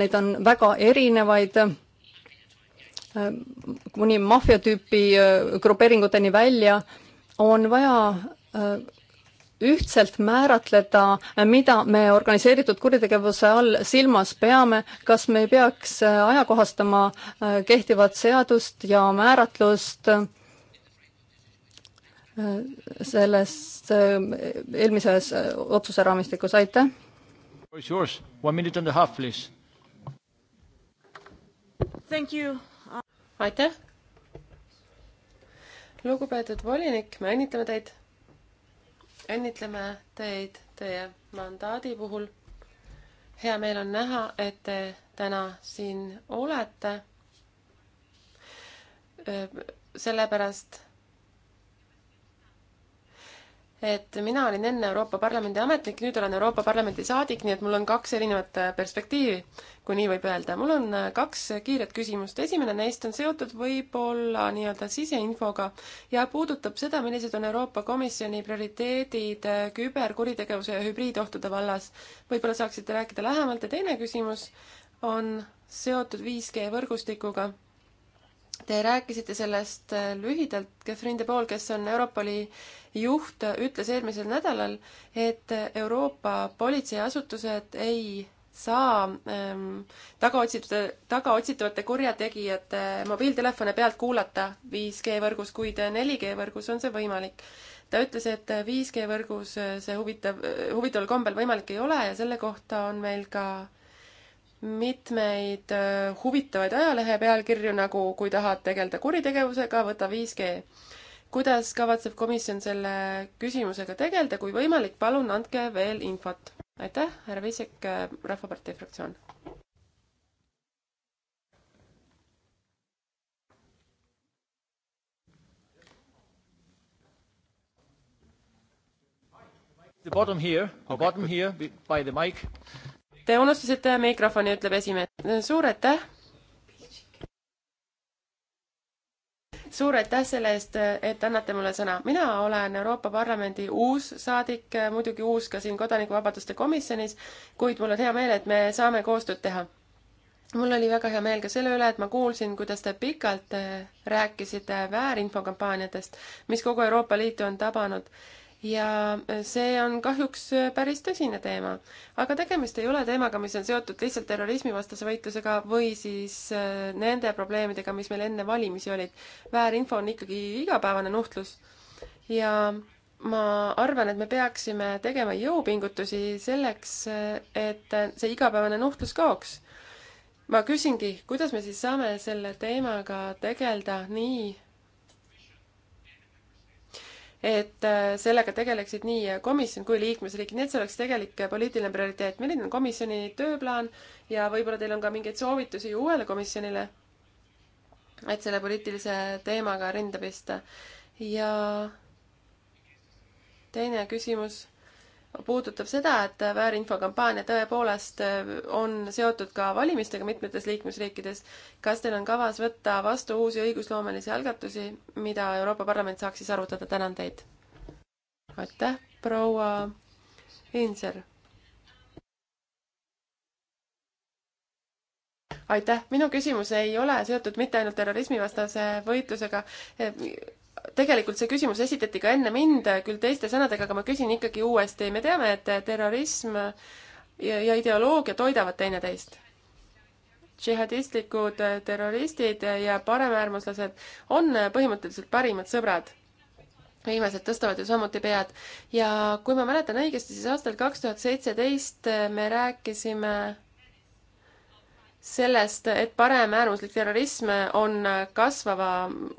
Neid on väga erinevaid ähm,, kuni maffia tüüpi äh, grupeeringuteni välja. on vaja äh, ühtselt määratleda, mida me organiseeritud kuritegevuse all silmas peame, kas me ei peaks ajakohastama äh, kehtivat seadust ja määratlust äh, selles äh, eelmises otsuse raamistikus, aitäh! aitäh! lugupeetud volinik, me õnnitleme teid õnnitleme teid teie mandaadi puhul. hea meel on näha, et te täna siin olete. Äh, sellepärast et mina olin enne Euroopa Parlamendi ametnik, nüüd olen Euroopa Parlamendi saadik, nii et mul on kaks erinevat äh, perspektiivi, kui nii võib öelda. mul on äh, kaks kiiret küsimust, esimene neist on seotud võib-olla nii-öelda siseinfoga ja puudutab seda, millised on Euroopa Komisjoni prioriteedid äh, küberkuritegevuse ja hübriidohtude vallas. võib-olla saaksite rääkida lähemalt ja teine küsimus on seotud 5G võrgustikuga Te rääkisite sellest äh, lühidalt, Catherine de Paul, kes on Europoli juht, ütles eelmisel nädalal, et Euroopa politseiasutused ei saa ähm, tagaotsitud, tagaotsitavate kurjategijate mobiiltelefone pealt kuulata 5G võrgus, kuid 4G võrgus on see võimalik. ta ütles, et 5G võrgus äh, see huvitav, äh, huvitaval kombel võimalik ei ole ja selle kohta on meil ka äh, mitmeid äh, huvitavaid ajalehe pealkirju, nagu Kui tahad tegeleda kuritegevusega, võta 5G. kuidas kavatseb komisjon selle küsimusega tegeleda, kui võimalik, palun andke veel infot. aitäh, härra Viisek, äh, Rahvapartei fraktsioon. The bottom here okay,, bottom good. here by the mic Te unustasite mikrofoni, ütleb esimees. suur aitäh. suur aitäh selle eest, et annate mulle sõna. mina olen Euroopa Parlamendi uus saadik, muidugi uus ka siin Kodanikuvabaduste komisjonis, kuid mul on hea meel, et me saame koostööd teha mul oli väga hea meel ka selle üle, et ma kuulsin, kuidas te pikalt rääkisite väärinfokampaaniatest, mis kogu Euroopa Liitu on tabanud ja see on kahjuks päris tõsine teema. aga tegemist ei ole teemaga, mis on seotud lihtsalt terrorismivastase võitlusega või siis äh, nende probleemidega, mis meil enne valimisi olid. väärinfo on ikkagi igapäevane nuhtlus. ja ma arvan, et me peaksime tegema jõupingutusi selleks, et see igapäevane nuhtlus kaoks. ma küsingi, kuidas me siis saame selle teemaga tegeleda nii, et äh, sellega tegeleksid nii komisjon kui liikmesriigid, nii et see oleks tegelik poliitiline prioriteet. milline on komisjoni tööplaan ja võib-olla teil on ka mingeid soovitusi uuele komisjonile, et selle poliitilise teemaga rinda pista. ja teine küsimus puudutab seda, et väärinfokampaania tõepoolest äh, on seotud ka valimistega mitmetes liikmesriikides. kas teil on kavas võtta vastu uusi õigusloomelisi algatusi, mida Euroopa Parlament saaks siis arutada? tänan teid. aitäh, proua Inser. aitäh, minu küsimus ei ole seotud mitte ainult terrorismivastase võitlusega tegelikult see küsimus esitati ka enne mind, küll teiste sõnadega, aga ma küsin ikkagi uuesti. me teame, et terrorism ja, ja ideoloogia toidavad teineteist. džihadistlikud terroristid ja paremäärmuslased on põhimõtteliselt parimad sõbrad viimased tõstavad ju samuti pead. ja kui ma mäletan õigesti, siis aastal kaks tuhat seitseteist me rääkisime sellest, et paremäärmuslik terrorism on kasvava,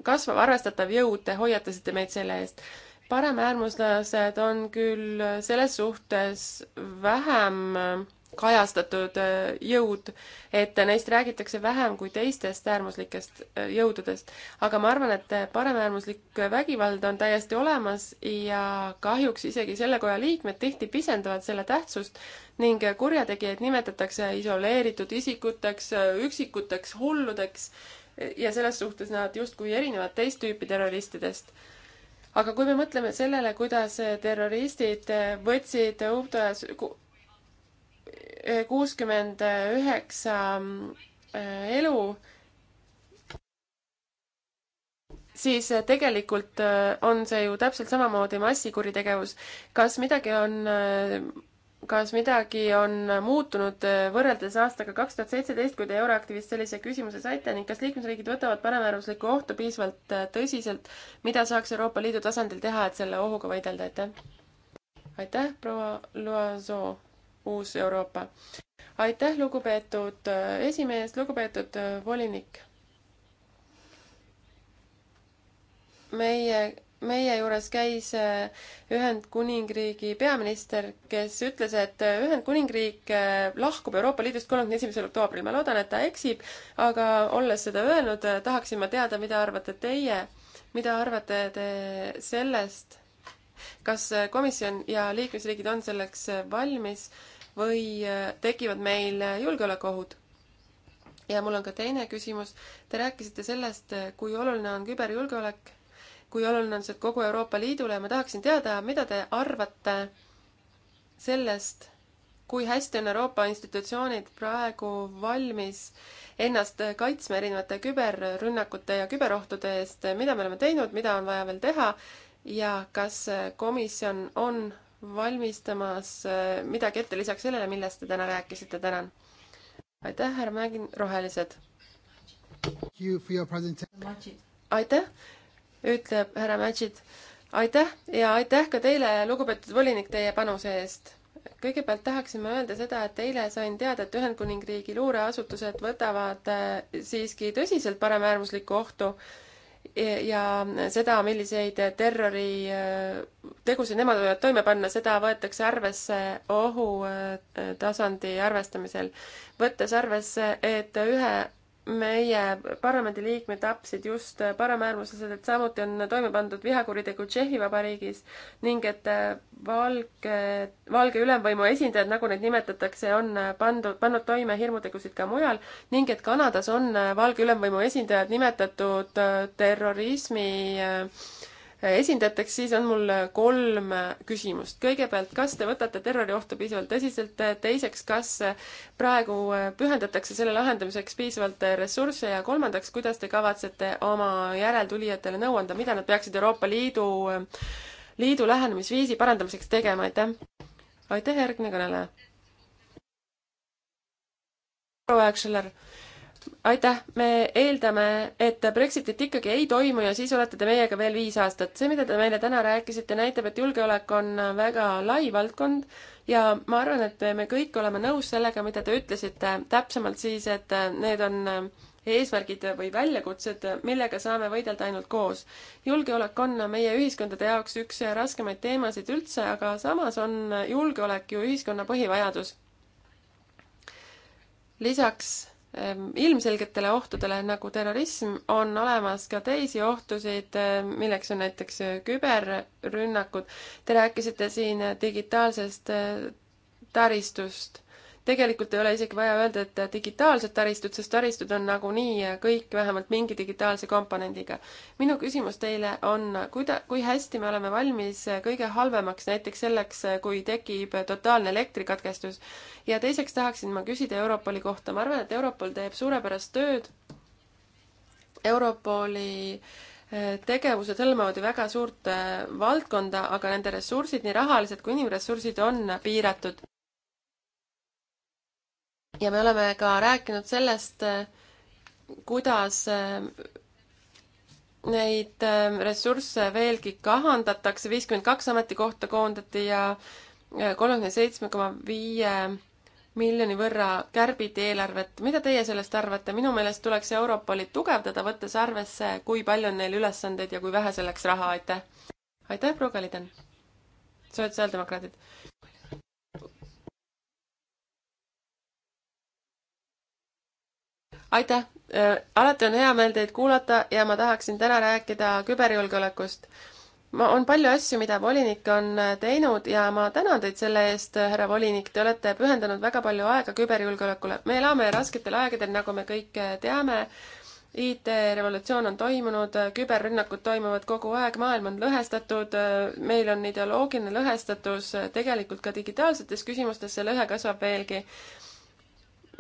kasvav arvestatav jõud, te hoiatasite meid selle eest. paremäärmuslased on küll selles suhtes vähem kajastatud jõud, et neist räägitakse vähem kui teistest äärmuslikest jõududest. aga ma arvan, et paremäärmuslik vägivald on täiesti olemas ja kahjuks isegi selle koja liikmed tihti pisendavad selle tähtsust ning kurjategijaid nimetatakse isoleeritud isikuteks, üksikuteks hulludeks ja selles suhtes nad justkui erinevad teist tüüpi terroristidest. aga kui me mõtleme sellele, kuidas terroristid võtsid Ubdojas kuuskümmend üheksa eh, elu, siis tegelikult eh, on see ju täpselt samamoodi massikuritegevus. kas midagi on eh, kas midagi on muutunud eh, võrreldes aastaga kaks tuhat seitseteist, kui te Euroaktivist sellise küsimuse saite ning kas liikmesriigid võtavad paremäärmuslikku ohtu piisavalt eh, tõsiselt, mida saaks Euroopa Liidu tasandil teha, et selle ohuga võidelda, aitäh? aitäh, proua Loiseau, uus Euroopa. aitäh, lugupeetud eh, esimees, lugupeetud volinik. meie meie juures käis äh, Ühendkuningriigi peaminister, kes ütles, et äh, Ühendkuningriik äh, lahkub Euroopa Liidust kolmekümne esimesel oktoobril. ma loodan, et ta eksib, aga olles seda öelnud, tahaksin ma teada, mida arvate teie, mida arvate te sellest, kas komisjon ja liikmesriigid on selleks valmis või tekivad meil julgeolekuohud? ja mul on ka teine küsimus. Te rääkisite sellest, kui oluline on küberjulgeolek kui oluline on see kogu Euroopa Liidule ja ma tahaksin teada, mida te arvate sellest, kui hästi on Euroopa institutsioonid praegu valmis ennast kaitsma erinevate küberrünnakute ja küberohtude eest, mida me oleme teinud, mida on vaja veel teha ja kas komisjon on valmistamas midagi ette lisaks sellele, millest te täna rääkisite, tänan. aitäh, härra Mägin, Rohelised. aitäh ütleb härra Mätšit. aitäh ja aitäh ka teile, lugupeetud volinik, teie panuse eest. kõigepealt tahaksime öelda seda, et eile sain teada, et Ühendkuningriigi luureasutused võtavad eh, siiski tõsiselt paremäärmuslikku ohtu ja seda, milliseid terroritegusid eh, nemad võivad toime panna, seda võetakse arvesse ohutasandi arvestamisel. võttes arvesse, et ühe meie parlamendiliikmed tapsid just paremäärmuslased, et samuti on toime pandud vihakuritegu Tšehhi Vabariigis ning et valge, valge ülemvõimu esindajad, nagu neid nimetatakse, on pandud, pannud toime hirmutegusid ka mujal ning et Kanadas on valge ülemvõimu esindajad nimetatud terrorismi äh, esindajateks, siis on mul kolm küsimust. kõigepealt, kas te võtate terroriohtu piisavalt tõsiselt, teiseks, kas praegu pühendatakse selle lahendamiseks piisavalt ressursse ja kolmandaks, kuidas te kavatsete oma järeltulijatele nõu anda, mida nad peaksid Euroopa Liidu, liidu lähenemisviisi parandamiseks tegema, aitäh! aitäh, järgmine kõneleja! proua Aksler aitäh, me eeldame, et Brexitit ikkagi ei toimu ja siis olete te meiega veel viis aastat. see, mida te meile täna rääkisite, näitab, et julgeolek on väga lai valdkond ja ma arvan, et me kõik oleme nõus sellega, mida te ütlesite, täpsemalt siis, et need on eesmärgid või väljakutsed, millega saame võidelda ainult koos. julgeolek on meie ühiskondade jaoks üks raskemaid teemasid üldse, aga samas on julgeolek ju ühiskonna põhivajadus. lisaks Ehm, ilmselgetele ohtudele nagu terrorism, on olemas ka teisi ohtusid, ehm, milleks on näiteks ehm, küberrünnakud. Te rääkisite siin digitaalsest taristust tegelikult ei ole isegi vaja öelda, et digitaalset taristut, sest taristud on nagunii kõik vähemalt mingi digitaalse komponendiga. minu küsimus teile on, kuida-, kui hästi me oleme valmis kõige halvemaks, näiteks selleks, kui tekib totaalne elektrikatkestus. ja teiseks tahaksin ma küsida Europoli kohta, ma arvan, et Europol teeb suurepärast tööd. Europoli eh, tegevused hõlmavad ju väga suurt eh, valdkonda, aga nende ressursid, nii rahalised kui inimressursid, on piiratud ja me oleme ka rääkinud sellest, eh, kuidas eh, neid eh, ressursse veelgi kahandatakse, viiskümmend kaks ametikohta koondati ja kolmekümne seitsme koma viie miljoni võrra kärbiti eelarvet. mida teie sellest arvate? minu meelest tuleks Europoli tugevdada, võttes arvesse, kui palju on neil ülesandeid ja kui vähe selleks raha, aitäh! aitäh, proua Kaliden! sotsiaaldemokraadid aitäh! Äh, alati on hea meel teid kuulata ja ma tahaksin täna rääkida küberjulgeolekust. ma, on palju asju, mida volinik on äh, teinud ja ma tänan teid selle eest, äh, härra volinik, te olete pühendanud väga palju aega küberjulgeolekule. me elame rasketel aegadel, nagu me kõik teame. IT-revolutsioon on toimunud, küberrünnakud toimuvad kogu aeg, maailm on lõhestatud, meil on ideoloogiline lõhestatus, tegelikult ka digitaalsetes küsimustes see lõhe kasvab veelgi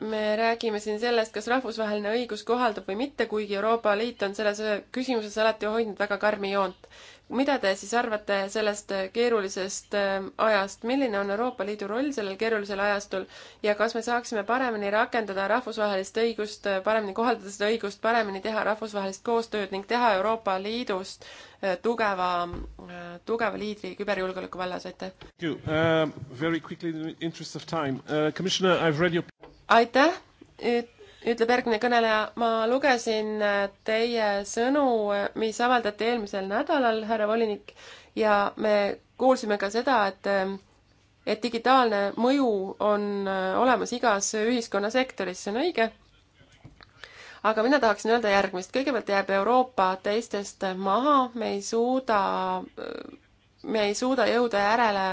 me räägime siin sellest, kas rahvusvaheline õigus kohaldub või mitte, kuigi Euroopa Liit on selles küsimuses alati hoidnud väga karmi joont mida te siis arvate sellest keerulisest ähm, ajast, milline on Euroopa Liidu roll sellel keerulisel ajastul ja kas me saaksime paremini rakendada rahvusvahelist õigust, äh, paremini kohaldada seda õigust, paremini teha rahvusvahelist koostööd ning teha Euroopa Liidust äh, tugeva, äh, tugeva liidri küberjulgeoleku vallas, aitäh! Um, uh, aitäh, ütleb järgmine kõneleja, ma lugesin äh, teie sõnu, äh, mis avaldati eelmisel nädalal, härra volinik, ja me kuulsime ka seda, et äh, et digitaalne mõju on olemas igas ühiskonnasektoris, see on õige, aga mina tahaksin öelda järgmist, kõigepealt jääb Euroopa teistest maha, me ei suuda me ei suuda jõuda järele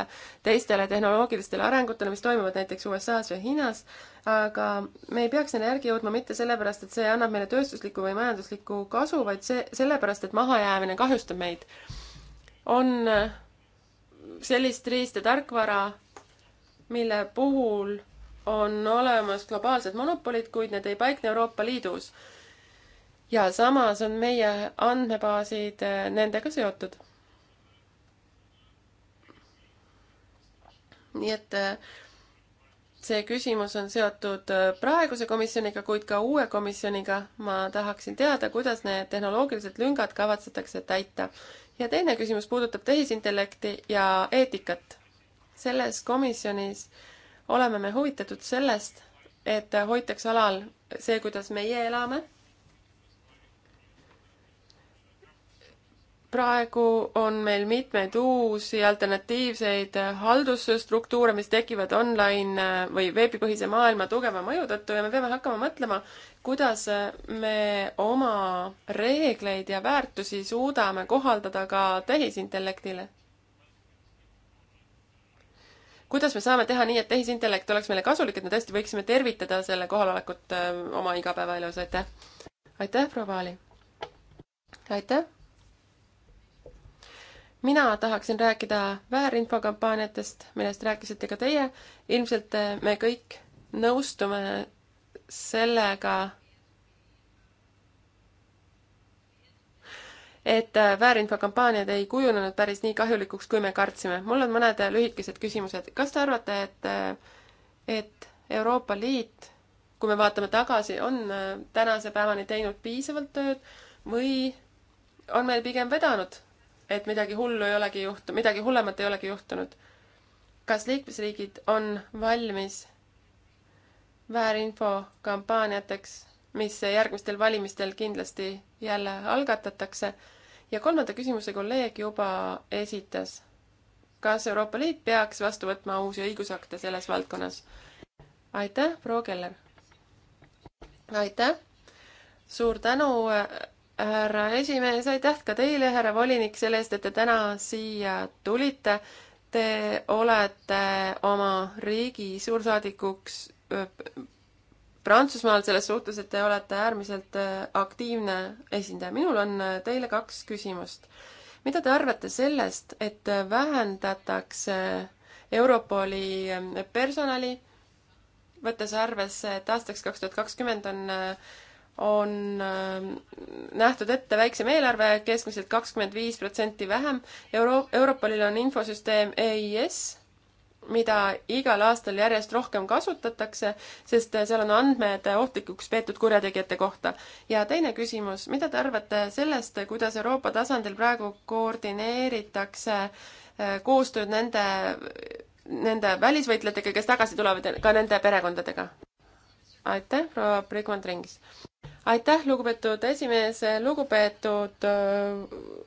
teistele tehnoloogilistele arengutele, mis toimuvad näiteks USA-s või Hiinas aga me ei peaks sinna järgi jõudma mitte sellepärast, et see annab meile tööstuslikku või majanduslikku kasu, vaid see, sellepärast, et mahajäämine kahjustab meid. on äh, sellist riiste tarkvara, mille puhul on olemas globaalsed monopolid, kuid need ei paikne Euroopa Liidus. ja samas on meie andmebaasid äh, nendega seotud nii et äh, see küsimus on seotud äh, praeguse komisjoniga, kuid ka uue komisjoniga. ma tahaksin teada, kuidas need tehnoloogilised lüngad kavatsetakse täita. ja teine küsimus puudutab tehisintellekti ja eetikat. selles komisjonis oleme me huvitatud sellest, et hoitaks alal see, kuidas meie elame praegu on meil mitmeid uusi alternatiivseid haldusstruktuure, mis tekivad online äh, või veebipõhise maailma tugeva mõju tõttu ja me peame hakkama mõtlema, kuidas äh, me oma reegleid ja väärtusi suudame kohaldada ka tehisintellektile. kuidas me saame teha nii, et tehisintellekt oleks meile kasulik, et me tõesti võiksime tervitada selle kohalolekut äh, oma igapäevaelus, aitäh! aitäh, proua Aali! aitäh! mina tahaksin rääkida väärinfokampaaniatest, millest rääkisite ka teie. ilmselt me kõik nõustume sellega, et väärinfokampaaniad ei kujunenud päris nii kahjulikuks, kui me kartsime. mul on mõned lühikesed küsimused. kas te arvate, et, et Euroopa Liit, kui me vaatame tagasi, on tänase päevani teinud piisavalt tööd või on meil pigem vedanud et midagi hullu ei olegi juhtu-, midagi hullemat ei olegi juhtunud. kas liikmesriigid on valmis väärinfokampaaniateks, mis järgmistel valimistel kindlasti jälle algatatakse? ja kolmanda küsimuse kolleeg juba esitas. kas Euroopa Liit peaks vastu võtma uusi õigusakte selles valdkonnas? aitäh, proua Keller! aitäh! suur tänu härra esimees, aitäh ka teile, härra volinik, selle eest, et te täna siia tulite. Te olete oma riigi suursaadikuks Prantsusmaal selles suhtes, et te olete äärmiselt aktiivne esindaja. minul on teile kaks küsimust. mida te arvate sellest, et vähendatakse Europoli personali, võttes arvesse, et aastaks kaks tuhat kakskümmend on on ähm, nähtud ette väiksem eelarve, keskmiselt kakskümmend viis protsenti vähem. Euro-, Europolil on infosüsteem EIS, mida igal aastal järjest rohkem kasutatakse, sest seal on andmed ohtlikuks peetud kurjategijate kohta. ja teine küsimus, mida te arvate sellest, kuidas Euroopa tasandil praegu koordineeritakse äh, koostööd nende, nende välisvõitlejatega, kes tagasi tulevad, ka nende perekondadega? aitäh, proua Brigmont Ringis! aitäh, lugupeetud esimees, lugupeetud äh,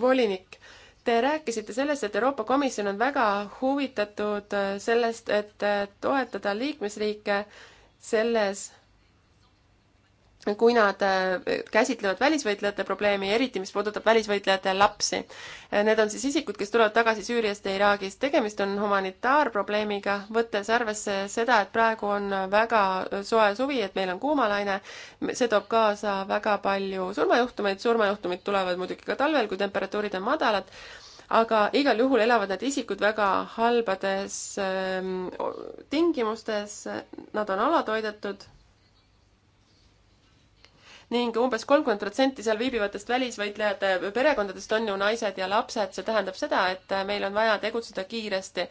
volinik Te rääkisite sellest, et Euroopa Komisjon on väga huvitatud äh, sellest, et äh, toetada liikmesriike selles, kui nad äh, käsitlevad välisvõitlejate probleemi, eriti mis puudutab välisvõitlejate lapsi. Äh, need on siis isikud, kes tulevad tagasi Süüriast ja Iraagist. tegemist on humanitaarprobleemiga, võttes arvesse seda, et praegu on väga soe suvi, et meil on kuumalaine. see toob kaasa väga palju surmajuhtumeid, surmajuhtumid tulevad muidugi ka talvel, kui temperatuurid on madalad aga igal juhul elavad need isikud väga halbades ähm, tingimustes, nad on alatoidetud ning umbes kolmkümmend protsenti seal viibivatest välisvõitlejate perekondadest on ju naised ja lapsed, see tähendab seda, et meil on vaja tegutseda kiiresti.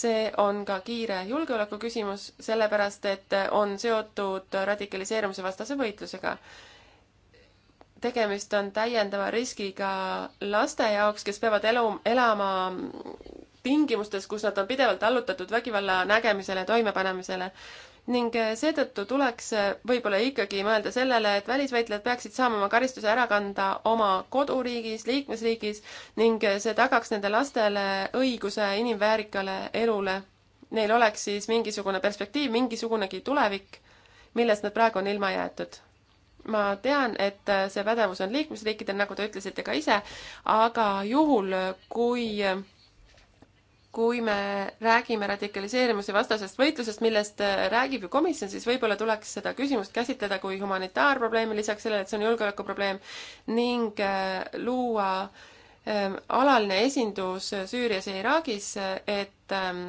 see on ka kiire julgeoleku küsimus, sellepärast et on seotud radikaliseerumise vastase võitlusega tegemist on täiendava riskiga laste jaoks, kes peavad elu, elama tingimustes, kus nad on pidevalt allutatud vägivalla nägemisele ja toimepanemisele ning äh, seetõttu tuleks äh, võib-olla ikkagi mõelda sellele, et välisvõitlejad peaksid saama oma karistuse ära kanda oma koduriigis, liikmesriigis ning äh, see tagaks nende lastele õiguse inimväärikale elule. Neil oleks siis mingisugune perspektiiv, mingisugunegi tulevik, millest nad praegu on ilma jäetud ma tean, et see pädevus on liikmesriikidel, nagu te ütlesite ka ise, aga juhul, kui kui me räägime radikaliseerimise vastasest võitlusest, millest äh, räägib ju komisjon, siis võib-olla tuleks seda küsimust käsitleda kui humanitaarprobleemi, lisaks sellele, et see on julgeolekuprobleem, ning äh, luua ähm, alaline esindus äh, Süürias ja Iraagis, et ähm,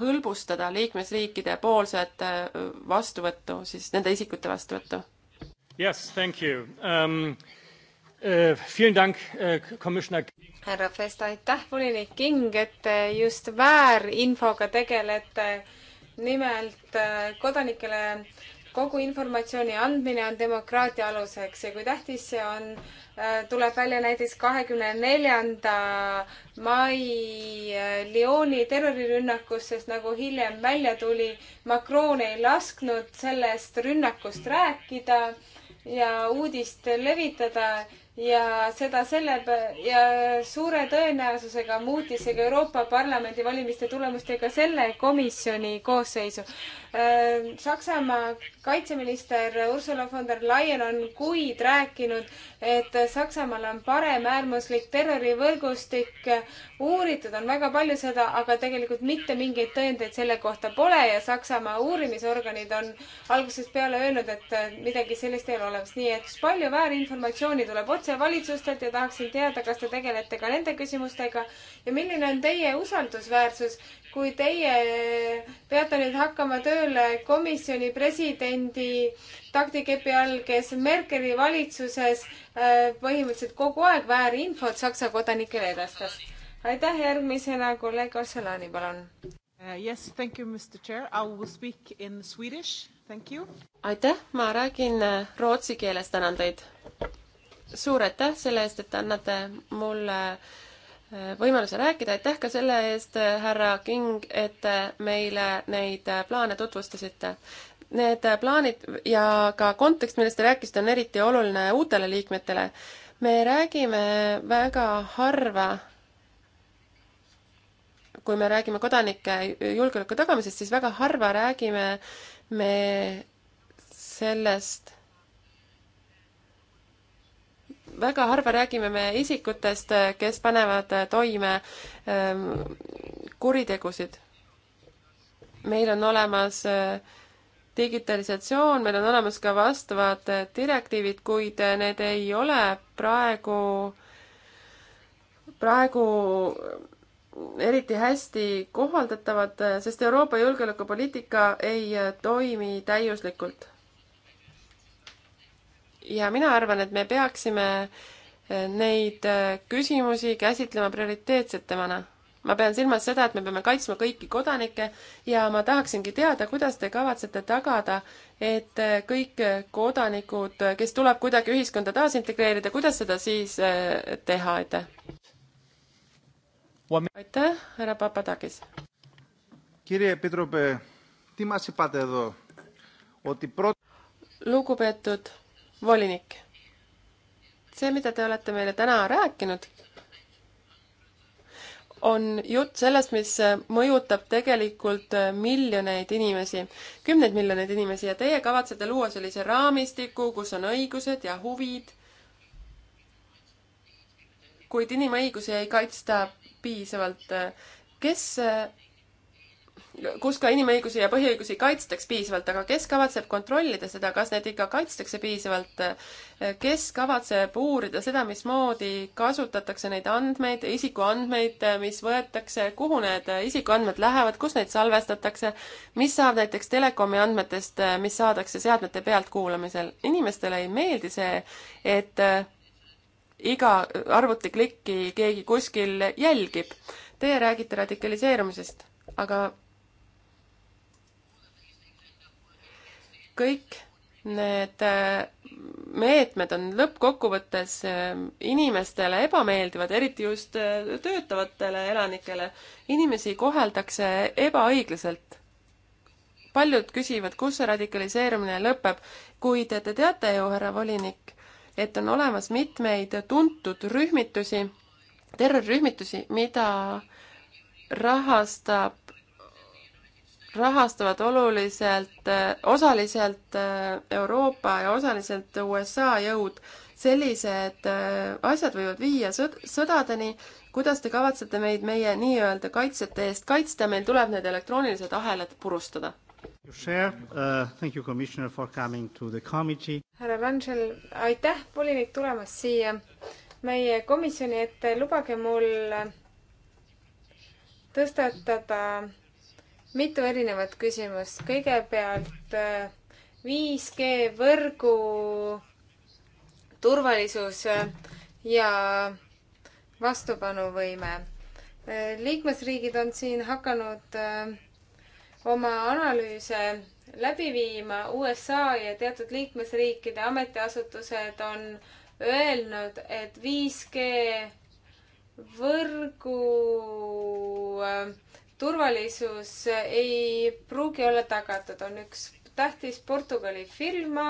hõlbustada liikmesriikide poolset vastuvõttu, siis nende isikute vastuvõttu. Yes, thank you um,. Äh, äh, härra Fest, aitäh, volinik King, et te just väärinfoga tegelete. nimelt äh, kodanikele kogu informatsiooni andmine on demokraatia aluseks ja kui tähtis see on, tuleb välja näiteks kahekümne neljanda mai Lyoni terrorirünnakust, sest nagu hiljem välja tuli, Macron ei lasknud sellest rünnakust rääkida ja uudist levitada ja seda selle ja suure tõenäosusega muutis see ka Euroopa Parlamendi valimiste tulemust ja ka selle komisjoni koosseisu. Äh, Saksamaa kaitseminister Ursula von der Leyen on kuid rääkinud, et Saksamaal on paremäärmuslik terrorivõrgustik. uuritud on väga palju seda, aga tegelikult mitte mingeid tõendeid selle kohta pole ja Saksamaa uurimisorganid on algusest peale öelnud, et äh, midagi sellist ei ole olemas. nii et palju väärinformatsiooni tuleb otse valitsustelt ja tahaksin teada, kas te tegelete ka nende küsimustega ja milline on teie usaldusväärsus kui teie peate nüüd hakkama tööle komisjoni presidendi taktikepi all, kes Merkeli valitsuses äh, põhimõtteliselt kogu aeg väärinfot Saksa kodanikele edastas. aitäh, järgmisena kolleeg Osselaani, palun uh,. Yes, thank you, Mr Chair, I will speak in swedish, thank you. aitäh, ma räägin äh, rootsi keeles, tänan teid. suur aitäh selle eest, et annate mulle uh, võimaluse rääkida, aitäh ka selle eest, härra King, et meile neid plaane tutvustasite. Need plaanid ja ka kontekst, millest te rääkisite, on eriti oluline uutele liikmetele. me räägime väga harva kui me räägime kodanike julgeoleku tagamisest, siis väga harva räägime me sellest, väga harva räägime me isikutest, kes panevad toime ähm, kuritegusid. meil on olemas äh, digitalisatsioon, meil on olemas ka vastavad äh, direktiivid, kuid äh, need ei ole praegu, praegu eriti hästi kohaldatavad, sest Euroopa julgeolekupoliitika ei toimi täiuslikult ja mina arvan, et me peaksime eh, neid eh, küsimusi käsitlema prioriteetsetemana. ma pean silmas seda, et me peame kaitsma kõiki kodanikke ja ma tahaksingi teada, kuidas te kavatsete tagada, et eh, kõik kodanikud, kes tuleb kuidagi ühiskonda taasintegreerida, kuidas seda siis teha, aitäh? aitäh, härra Papadakis. kirje Pidrupe, Timasi Padelo, Oti Pro-. lugupeetud volinik, see, mida te olete meile täna rääkinud, on jutt sellest, mis mõjutab tegelikult miljoneid inimesi, kümneid miljoneid inimesi ja teie kavatsete luua sellise raamistiku, kus on õigused ja huvid, kuid inimõigusi ei kaitsta piisavalt. kes kus ka inimõigusi ja põhiõigusi kaitstaks piisavalt, aga kes kavatseb kontrollida seda, kas neid ikka kaitstakse piisavalt? kes kavatseb uurida seda, mismoodi kasutatakse neid andmeid, isikuandmeid, mis võetakse, kuhu need isikuandmed lähevad, kus neid salvestatakse, mis saab näiteks telekomi andmetest, mis saadakse seadmete pealtkuulamisel? inimestele ei meeldi see, et iga arvutiklikki keegi kuskil jälgib. Teie räägite radikaliseerumisest, aga kõik need äh, meetmed on lõppkokkuvõttes äh, inimestele ebameeldivad, eriti just äh, töötavatele elanikele. inimesi koheldakse ebaõiglaselt. paljud küsivad, kus see radikaliseerumine lõpeb, kuid te teate ju, härra volinik, et on olemas mitmeid tuntud rühmitusi, terrorirühmitusi, mida rahastab rahastavad oluliselt, äh, osaliselt äh, Euroopa ja osaliselt USA jõud. sellised äh, asjad võivad viia sõd-, sõdadeni. kuidas te kavatsete meid meie nii-öelda kaitsjate eest kaitsta, meil tuleb need elektroonilised ahelad purustada? Uh, härra Rangel, aitäh, volinik, tulemast siia meie komisjoni ette. lubage mul tõstatada mitu erinevat küsimust. kõigepealt 5G äh, võrgu turvalisus äh, ja vastupanuvõime. Äh, liikmesriigid on siin hakanud oma analüüse läbi viima. USA ja teatud liikmesriikide ametiasutused on öelnud, et 5G võrgu äh, turvalisus ei pruugi olla tagatud, on üks tähtis Portugali firma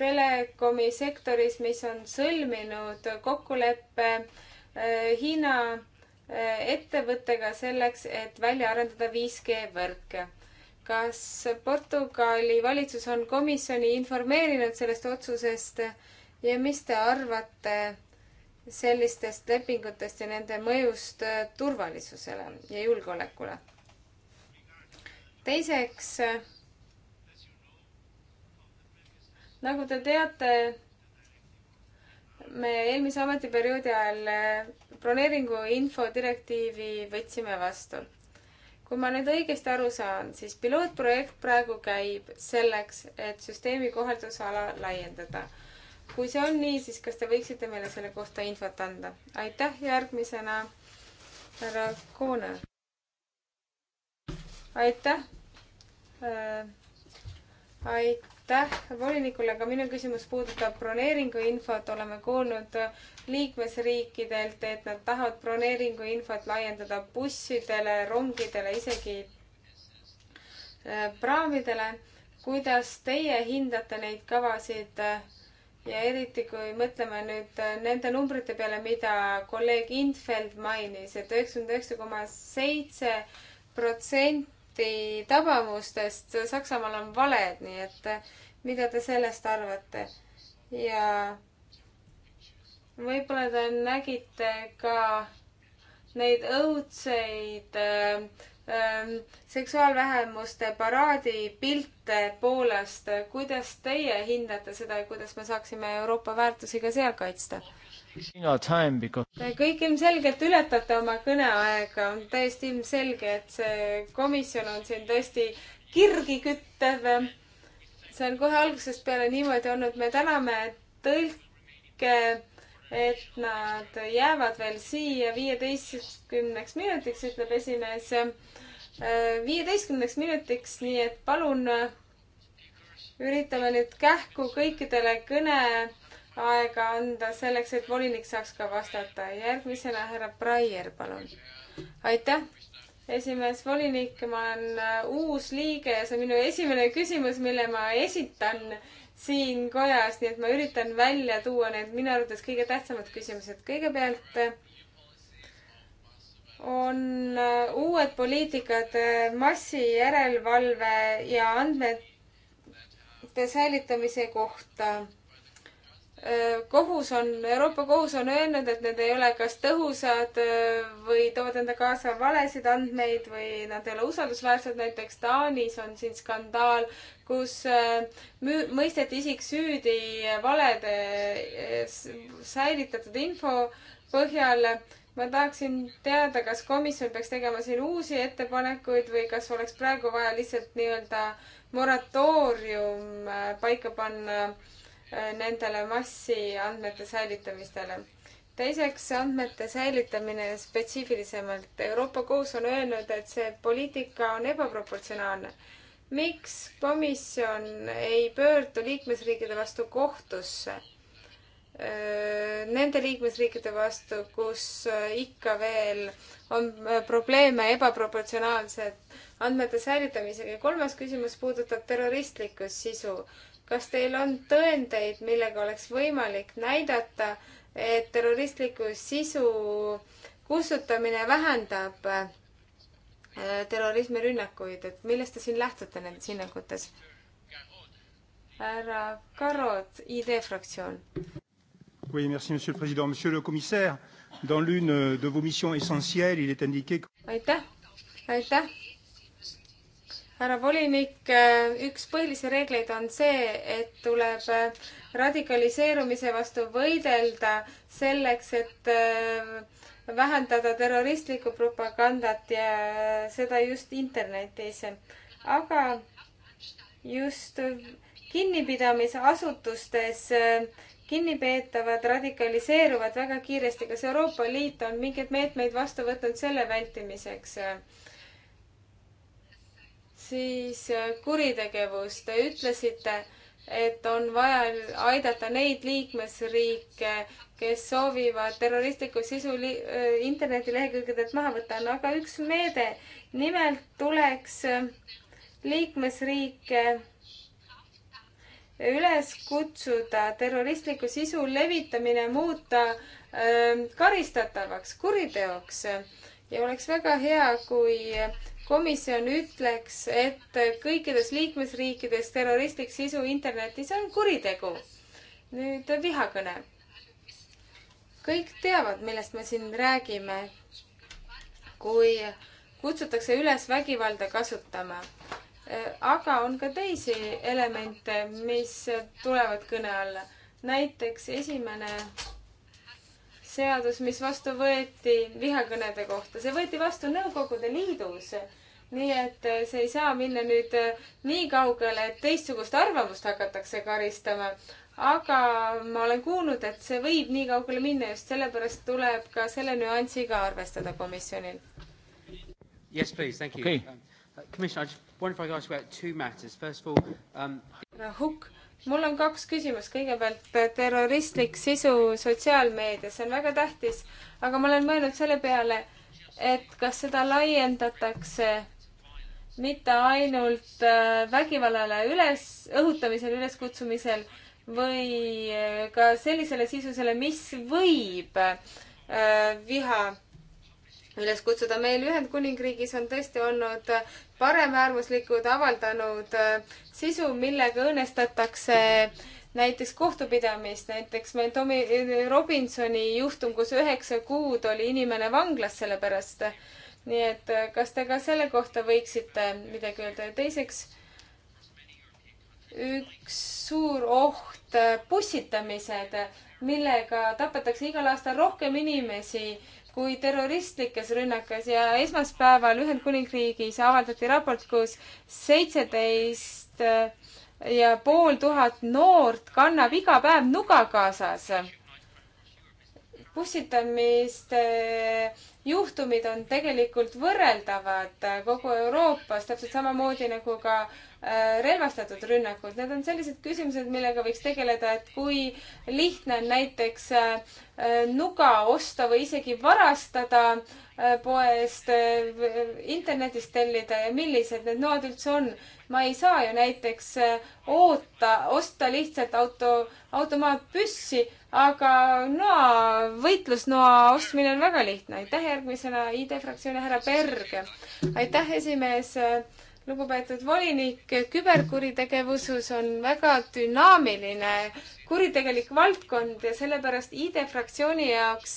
telekomi sektoris, mis on sõlminud kokkuleppe äh, Hiina äh, ettevõttega selleks, et välja arendada 5G võrke. kas Portugali valitsus on komisjoni informeerinud sellest otsusest ja mis te arvate sellistest lepingutest ja nende mõjust äh, turvalisusele ja julgeolekule. teiseks, äh, nagu te teate, me eelmise ametiperioodi ajal äh, broneeringu infodirektiivi võtsime vastu. kui ma nüüd õigesti aru saan, siis pilootprojekt praegu käib selleks, et süsteemi kohaldusala laiendada kui see on nii, siis kas te võiksite meile selle kohta infot anda? aitäh, järgmisena härra Koone. aitäh äh,. aitäh volinikule, aga minu küsimus puudutab broneeringuinfot. oleme kuulnud liikmesriikidelt, et nad tahavad broneeringuinfot laiendada bussidele, rongidele, isegi äh, praamidele. kuidas teie hindate neid kavasid äh, ja eriti, kui mõtleme nüüd äh, nende numbrite peale, mida kolleeg Infeld mainis et, et üheksakümmend üheksa koma seitse protsenti tabamustest Saksamaal on valed, nii et äh, mida te sellest arvate? ja võib-olla te nägite ka neid õudseid äh, Ehm, seksuaalvähemuste paraadi pilte Poolast. kuidas teie hindate seda ja kuidas me saaksime Euroopa väärtusi ka seal kaitsta? Te kõik ilmselgelt ületate oma kõneaega, on täiesti ilmselge, et see komisjon on siin tõesti kirgi küttev. see on kohe algusest peale niimoodi olnud, me täname tõlke et nad jäävad veel siia viieteistkümneks minutiks, ütleb esimees viieteistkümneks minutiks, nii et palun äh, üritame nüüd kähku kõikidele kõneaega anda selleks, et volinik saaks ka vastata. järgmisena härra Breyer, palun. aitäh, esimees volinik, ma olen äh, uus liige ja see on minu esimene küsimus, mille ma esitan siin kojas, nii et ma üritan välja tuua need minu arvates kõige tähtsamad küsimused. kõigepealt on äh, uued poliitikad äh, massijärelevalve ja andmete säilitamise kohta äh, kohus on, Euroopa Kohus on öelnud, et need ei ole kas tõhusad või toovad enda kaasa valesid andmeid või nad ei ole usaldusväärsed. näiteks Taanis on siin skandaal, kus mõisteti isik süüdi valede säilitatud info põhjal ma tahaksin teada, kas komisjon peaks tegema siin uusi ettepanekuid või kas oleks praegu vaja lihtsalt nii-öelda moratoorium äh, paika panna äh, nendele massiandmete säilitamistele. teiseks, andmete säilitamine spetsiifilisemalt. Euroopa Kohus on öelnud, et see poliitika on ebaproportsionaalne. miks komisjon ei pöördu liikmesriikide vastu kohtusse? Äh, nende liikmesriikide vastu, kus äh, ikka veel on äh, probleeme ebaproportsionaalse andmete säilitamisega. kolmas küsimus puudutab terroristlikku sisu. kas teil on tõendeid, millega oleks võimalik näidata, et terroristliku sisu kustutamine vähendab terrorismirünnakuid, et millest te siin lähtute nendes hinnangutes? härra Karod, ID fraktsioon Oui, merci, monsieur le président. Monsieur le commissaire, dans l'une euh, de vos missions essentielles, il est indiqué que... aitäh, aitäh. härra volinik, äh, üks põhilisi reegleid on see, et tuleb äh, radikaliseerumise vastu võidelda selleks, et äh, vähendada terroristlikku propagandat ja seda just internetis. aga just kinnipidamisasutustes kinnipeetavad radikaliseeruvad väga kiiresti. kas Euroopa Liit on mingeid meetmeid vastu võtnud selle vältimiseks? siis äh, kuritegevus. Te ütlesite, et on vaja aidata neid liikmesriike, kes soovivad terroristliku sisu äh, internetilehekülgedelt maha võtta. on aga üks meede. nimelt tuleks äh, liikmesriike üles kutsuda terroristliku sisu levitamine muuta ähm, karistatavaks kuriteoks ja oleks väga hea, kui komisjon ütleks, et kõikides liikmesriikides terroristlik sisu internetis on kuritegu. nüüd vihakõne. kõik teavad, millest me siin räägime, kui kutsutakse üles vägivalda kasutama aga on ka teisi elemente, mis tulevad kõne alla. näiteks esimene seadus, mis vastu võeti vihakõnede kohta, see võeti vastu Nõukogude Liidus. nii et see ei saa minna nüüd nii kaugele, et teistsugust arvamust hakatakse karistama. aga ma olen kuulnud, et see võib nii kaugele minna, just sellepärast tuleb ka selle nüansiga arvestada komisjonil. Yes, please, thank you okay.. Um, Uh, Commissioner, I just wonder if I could ask about two matters. First of all, um... Hukk, mul on kaks küsimust. kõigepealt eh, terroristlik sisu sotsiaalmeedias, see on väga tähtis, aga ma olen mõelnud selle peale, et kas seda laiendatakse mitte ainult eh, vägivallale üles, õhutamisel, üleskutsumisel või eh, ka sellisele sisusele, mis võib viha üles kutsuda. meil Ühendkuningriigis on tõesti olnud paremäärmuslikud avaldanud äh, sisu, millega õõnestatakse näiteks kohtupidamist, näiteks meil Tommy äh, Robinsoni juhtum, kus üheksa kuud oli inimene vanglas selle pärast. nii et äh, kas te ka selle kohta võiksite midagi öelda ja teiseks üks suur oht bussitamised, millega tapetakse igal aastal rohkem inimesi kui terroristlikes rünnakes ja esmaspäeval Ühendkuningriigis avaldati raport, kus seitseteist äh, ja pool tuhat noort kannab iga päev nuga kaasas. pussitamiste äh, juhtumid on tegelikult võrreldavad kogu Euroopas, täpselt samamoodi nagu ka äh, Äh, relvastatud rünnakud, need on sellised küsimused, millega võiks tegeleda, et kui lihtne on näiteks äh, nuga osta või isegi varastada äh, poest, internetist tellida ja millised need noad üldse on. ma ei saa ju näiteks oota, osta lihtsalt auto, automaatpüssi, aga noa, võitlusnoa ostmine on väga lihtne. aitäh järgmisena ID fraktsiooni härra Berg. aitäh, esimees lugupeetud volinik, küberkuritegevusus on väga dünaamiline kuritegelik valdkond ja sellepärast ID e fraktsiooni jaoks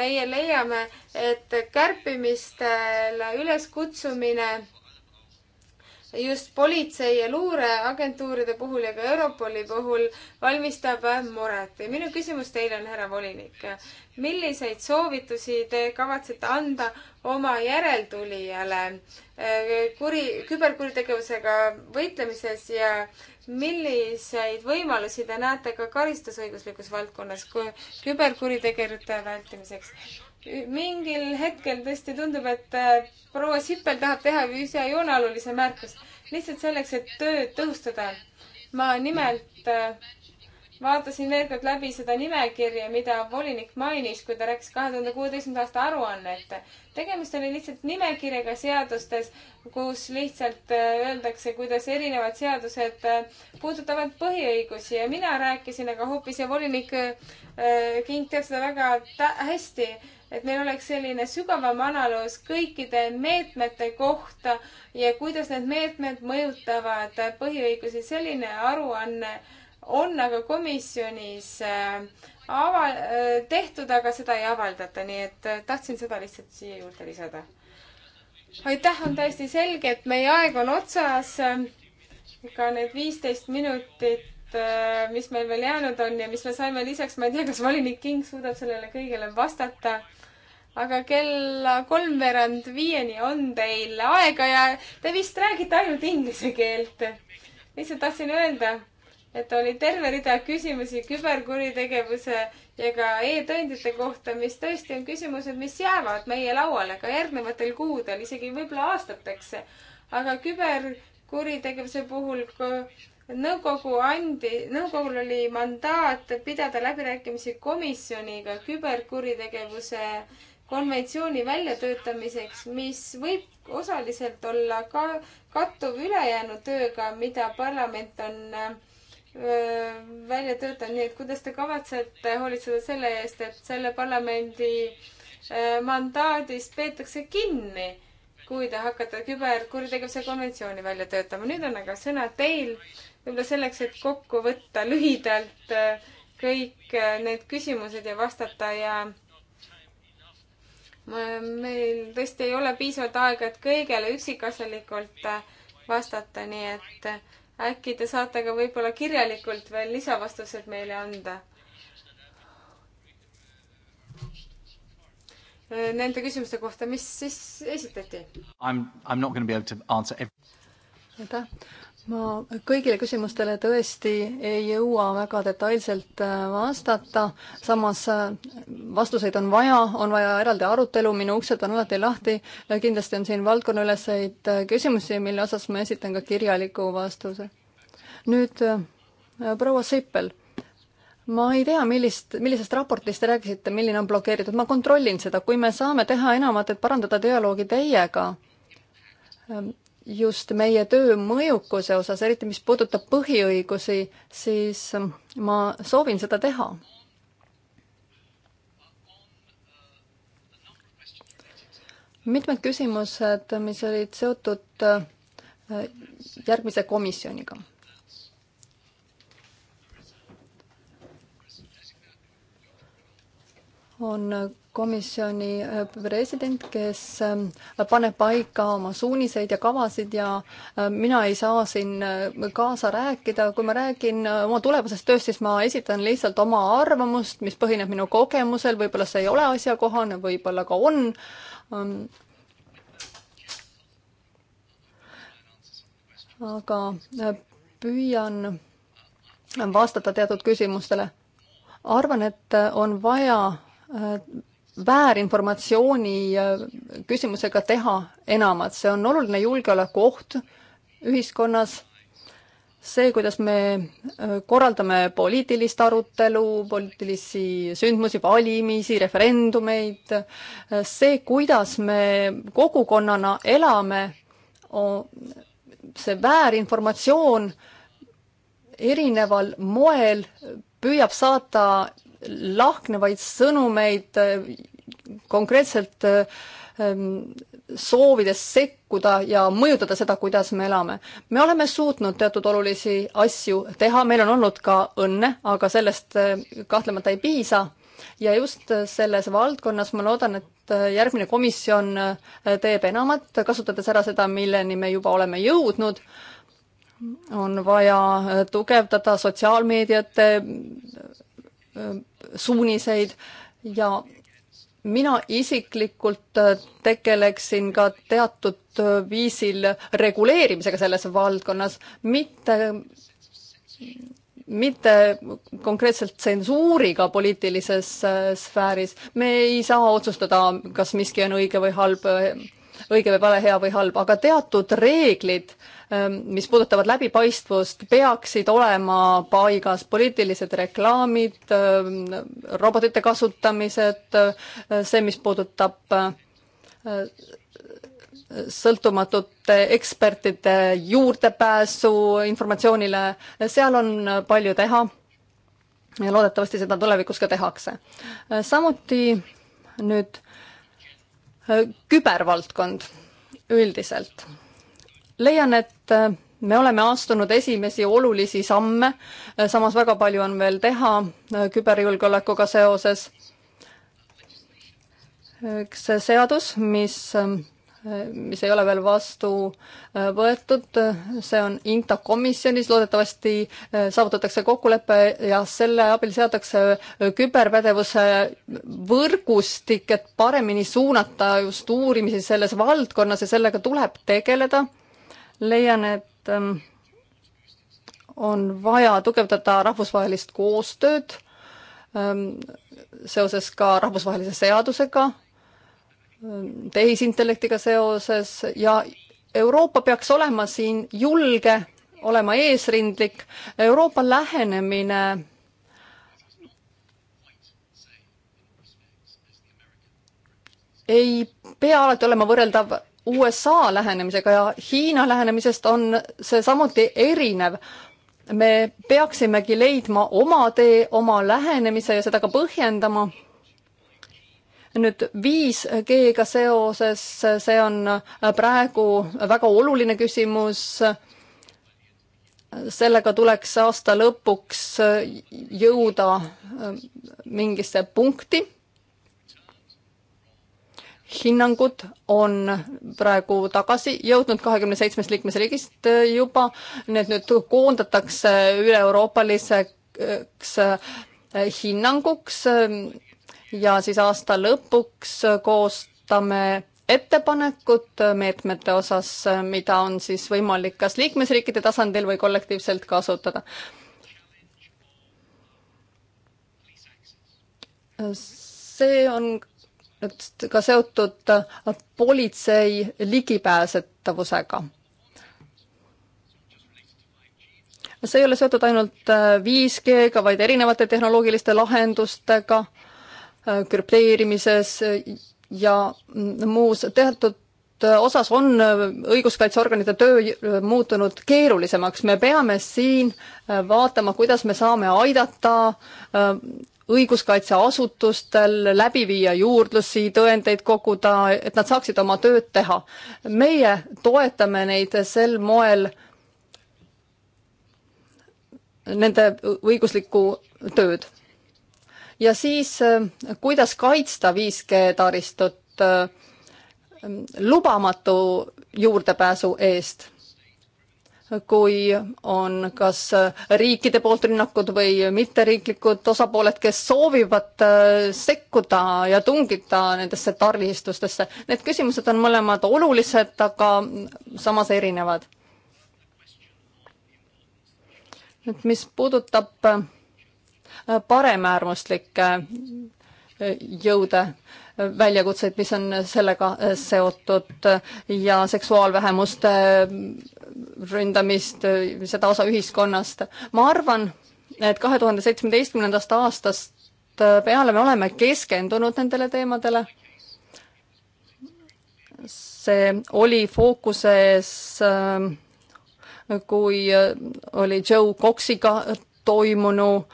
meie leiame, et kärpimistele üleskutsumine just politsei ja luureagentuuride puhul ja ka Europoli puhul valmistab muret. ja minu küsimus teile on, härra volinik, milliseid soovitusi te kavatsete anda oma järeltulijale äh, kuri, küberkuritegevusega võitlemises ja milliseid võimalusi te näete ka karistusõiguslikus valdkonnas kui küberkuritegevuse vältimiseks? mingil hetkel tõesti tundub, et äh, proua Sippel tahab teha ise joonealulise märkust, lihtsalt selleks, et tööd tõhustada. ma nimelt äh, vaatasin veel kord läbi seda nimekirja, mida volinik mainis, kui ta rääkis kahe tuhande kuueteistkümnenda aasta aruannet. tegemist oli lihtsalt nimekirjaga seadustes, kus lihtsalt äh, öeldakse, kuidas erinevad seadused puudutavad põhiõigusi ja mina rääkisin, aga hoopis ja volinik King teab seda väga hästi, et meil oleks selline sügavam analüüs kõikide meetmete kohta ja kuidas need meetmed mõjutavad põhiõigusi. selline aruanne on aga komisjonis äh, ava-, äh, tehtud, aga seda ei avaldata, nii et äh, tahtsin seda lihtsalt siia juurde lisada. aitäh, on täiesti selge, et meie aeg on otsas. ka need viisteist minutit mis meil veel jäänud on ja mis me saime lisaks, ma ei tea, kas volinik King suudab sellele kõigele vastata aga kella kolmveerand viieni on teil aega ja te vist räägite ainult inglise keelt. lihtsalt tahtsin öelda, et oli terve rida küsimusi küberkuritegevuse ja ka e-tõendite kohta, mis tõesti on küsimused, mis jäävad meie lauale ka järgnevatel kuudel, isegi võib-olla aastateks. aga küberkuritegevuse puhul nõukogu andi, nõukogul oli mandaat pidada läbirääkimisi komisjoniga küberkuritegevuse äh, konventsiooni väljatöötamiseks, mis võib osaliselt olla ka kattuv ülejäänud tööga, mida parlament on öö, välja töötanud, nii et kuidas te kavatsete hoolitseda selle eest, et selle parlamendi öö, mandaadist peetakse kinni, kui te hakkate küberkuritegevuse konventsiooni välja töötama. nüüd on aga sõna teil, võib-olla selleks, et kokku võtta lühidalt kõik need küsimused ja vastata ja meil tõesti ei ole piisavalt aega, et kõigele üksikasjalikult äh, vastata, nii et äh, äkki te saate ka võib-olla kirjalikult veel lisavastused meile anda. Äh, nende küsimuste kohta, mis siis esitati? aitäh! ma kõigile küsimustele tõesti ei jõua väga detailselt äh, vastata, samas äh, vastuseid on vaja, on vaja eraldi arutelu, minu uksed on alati lahti, kindlasti on siin valdkonnaüleseid äh, küsimusi, mille osas ma esitan ka kirjaliku vastuse. nüüd proua Sippel, ma ei tea, millist, millisest raportist te rääkisite, milline on blokeeritud, ma kontrollin seda, kui me saame teha enamat, et parandada dialoogi teiega, ähm, just meie töö mõjukuse osas, eriti mis puudutab põhiõigusi, siis ähm, ma soovin seda teha. mitmed küsimused, mis olid seotud äh, järgmise komisjoniga. on komisjoni äh, president, kes äh, paneb paika oma suuniseid ja kavasid ja äh, mina ei saa siin kaasa rääkida, kui ma räägin oma tulevasest tööst, siis ma esitan lihtsalt oma arvamust, mis põhineb minu kogemusel, võib-olla see ei ole asjakohane, võib-olla ka on. Ähm, aga püüan vastata teatud küsimustele. arvan, et on vaja väärinformatsiooni äh, küsimusega teha enamat, see on oluline julgeolekuoht ühiskonnas, see, kuidas me äh, korraldame poliitilist arutelu, poliitilisi sündmusi, valimisi, referendumeid, äh, see, kuidas me kogukonnana elame, see väärinformatsioon erineval moel püüab saata lahknevaid sõnumeid äh, konkreetselt äh, ähm, soovides sekkuda ja mõjutada seda, kuidas me elame. me oleme suutnud teatud olulisi asju teha, meil on olnud ka õnne, aga sellest äh, kahtlemata ei piisa. ja just selles valdkonnas ma loodan, et järgmine komisjon teeb enamat, kasutades ära seda, milleni me juba oleme jõudnud on vaja tugevdada sotsiaalmeediat, suuniseid ja mina isiklikult tegeleksin ka teatud viisil reguleerimisega selles valdkonnas, mitte mitte konkreetselt tsensuuriga poliitilises sfääris. me ei saa otsustada, kas miski on õige või halb, õige või vale, hea või halb, aga teatud reeglid Ähm, mis puudutavad läbipaistvust, peaksid olema paigas poliitilised reklaamid, ähm, robotite kasutamised, äh, see, mis puudutab äh, sõltumatute ekspertide juurdepääsu informatsioonile, seal on palju teha ja loodetavasti seda tulevikus ka tehakse. Äh, samuti nüüd kübervaldkond üldiselt leian, et äh, me oleme astunud esimesi olulisi samme, äh, samas väga palju on veel teha äh, küberjulgeolekuga seoses. üks seadus, mis, mis ei ole veel vastu võetud, see on INTA komisjonis, loodetavasti saavutatakse kokkulepe ja selle abil seatakse küberpädevuse võrgustik, et paremini suunata just uurimisi selles valdkonnas ja sellega tuleb tegeleda leian, et ähm, on vaja tugevdada rahvusvahelist koostööd ähm, seoses ka rahvusvahelise seadusega, ähm, tehisintellektiga seoses ja Euroopa peaks olema siin julge, olema eesrindlik. Euroopa lähenemine ei pea alati olema võrreldav USA lähenemisega ja Hiina lähenemisest on see samuti erinev. me peaksimegi leidma oma tee, oma lähenemise ja seda ka põhjendama. nüüd 5G-ga seoses, see on praegu väga oluline küsimus. sellega tuleks aasta lõpuks jõuda mingisse punkti hinnangud on praegu tagasi jõudnud kahekümne seitsmest liikmesriigist äh, juba, need nüüd koondatakse üle-euroopaliseks äh, hinnanguks äh, ja siis aasta lõpuks koostame ettepanekut meetmete osas, mida on siis võimalik kas liikmesriikide tasandil või kollektiivselt kasutada. see on ka seotud äh, politsei ligipääsetavusega. see ei ole seotud ainult 5G-ga, äh, vaid erinevate tehnoloogiliste lahendustega äh, krüpteerimises ja mm, muus teatud osas on õiguskaitseorganite töö muutunud keerulisemaks, me peame siin vaatama, kuidas me saame aidata õiguskaitseasutustel läbi viia juurdlusi, tõendeid koguda, et nad saaksid oma tööd teha. meie toetame neid sel moel nende õiguslikku tööd. ja siis, äh, kuidas kaitsta 5G taristut äh, lubamatu juurdepääsu eest kui on kas riikide poolt rünnakud või mitteriiklikud osapooled, kes soovivad äh, sekkuda ja tungida nendesse tarvistustesse. Need küsimused on mõlemad olulised, aga samas erinevad. nüüd, mis puudutab äh, paremäärmuslikke äh, jõude, väljakutseid, mis on sellega äh, seotud ja seksuaalvähemuste äh, ründamist, äh, seda osa ühiskonnast. ma arvan, et kahe tuhande seitsmeteistkümnendast aastast peale me oleme keskendunud nendele teemadele. see oli fookuses, kui oli Joe Coxiga toimunu,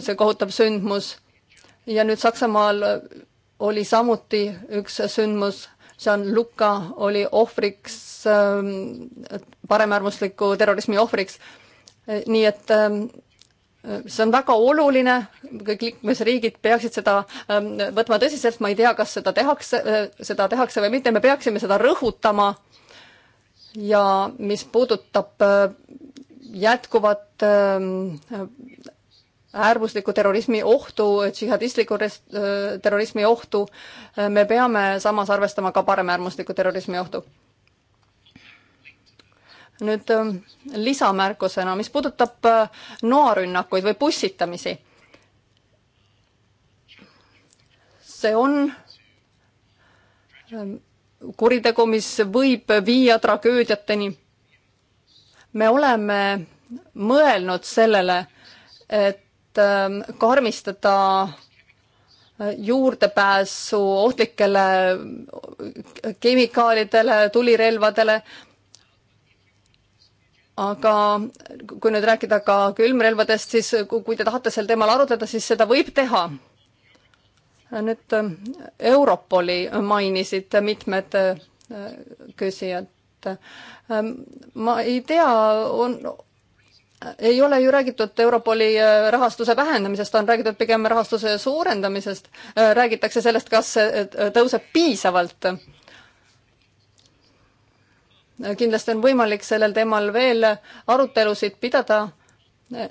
see kohutav sündmus ja nüüd Saksamaal oli samuti üks sündmus, Jean-Luca oli ohvriks, ähm, paremäärmusliku terrorismi ohvriks. nii et ähm, see on väga oluline, kõik liikmesriigid peaksid seda ähm, võtma tõsiselt, ma ei tea, kas seda tehakse, äh, seda tehakse või mitte, me peaksime seda rõhutama. ja mis puudutab äh, jätkuvat äärmusliku terrorismi ohtu, džihadistliku äh, terrorismi ohtu, äh, me peame samas arvestama ka paremäärmusliku terrorismi ohtu. nüüd äh, lisamärkusena, mis puudutab noarünnakuid või pussitamisi. see on ähm, kuritegu, mis võib viia tragöödiateni. me oleme mõelnud sellele, et Ähm, karmistada äh, juurdepääsu ohtlikele äh, kemikaalidele, tulirelvadele, aga kui nüüd rääkida ka külmrelvadest, siis kui te tahate sel teemal arutleda, siis seda võib teha. nüüd äh, Europoli mainisid mitmed küsijad. ma ei tea, on ei ole ju räägitud Europoli äh, rahastuse vähendamisest, on räägitud pigem rahastuse suurendamisest. Äh, räägitakse sellest, kas see äh, tõuseb piisavalt. kindlasti on võimalik sellel teemal veel arutelusid pidada.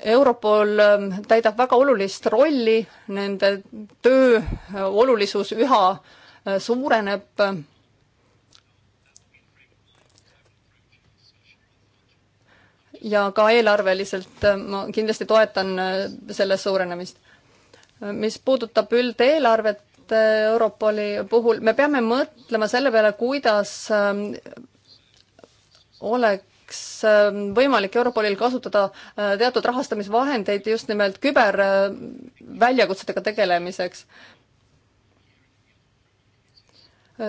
Europol ähm, täidab väga olulist rolli, nende töö olulisus üha suureneb ja ka eelarveliselt äh, ma kindlasti toetan äh, selle suurenemist. Äh, mis puudutab üldeelarvet Europoli puhul, me peame mõtlema selle peale, kuidas oleks võimalik Europolil kasutada teatud rahastamisvahendeid just nimelt küberväljakutsetega tegelemiseks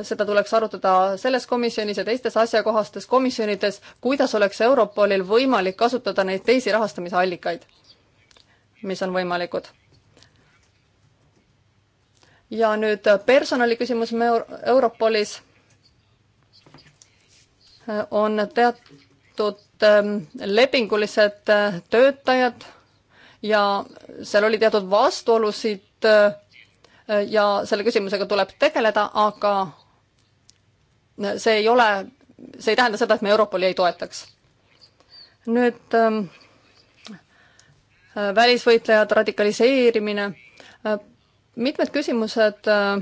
seda tuleks arutada selles komisjonis ja teistes asjakohastes komisjonides, kuidas oleks Europolil võimalik kasutada neid teisi rahastamisallikaid, mis on võimalikud. ja nüüd personaliküsimus Europolis on teatud ähm, lepingulised äh, töötajad ja seal oli teatud vastuolusid äh, ja selle küsimusega tuleb tegeleda, aga see ei ole, see ei tähenda seda, et me Europoli ei toetaks. nüüd ähm, äh, välisvõitlejad, radikaliseerimine äh,, mitmed küsimused äh,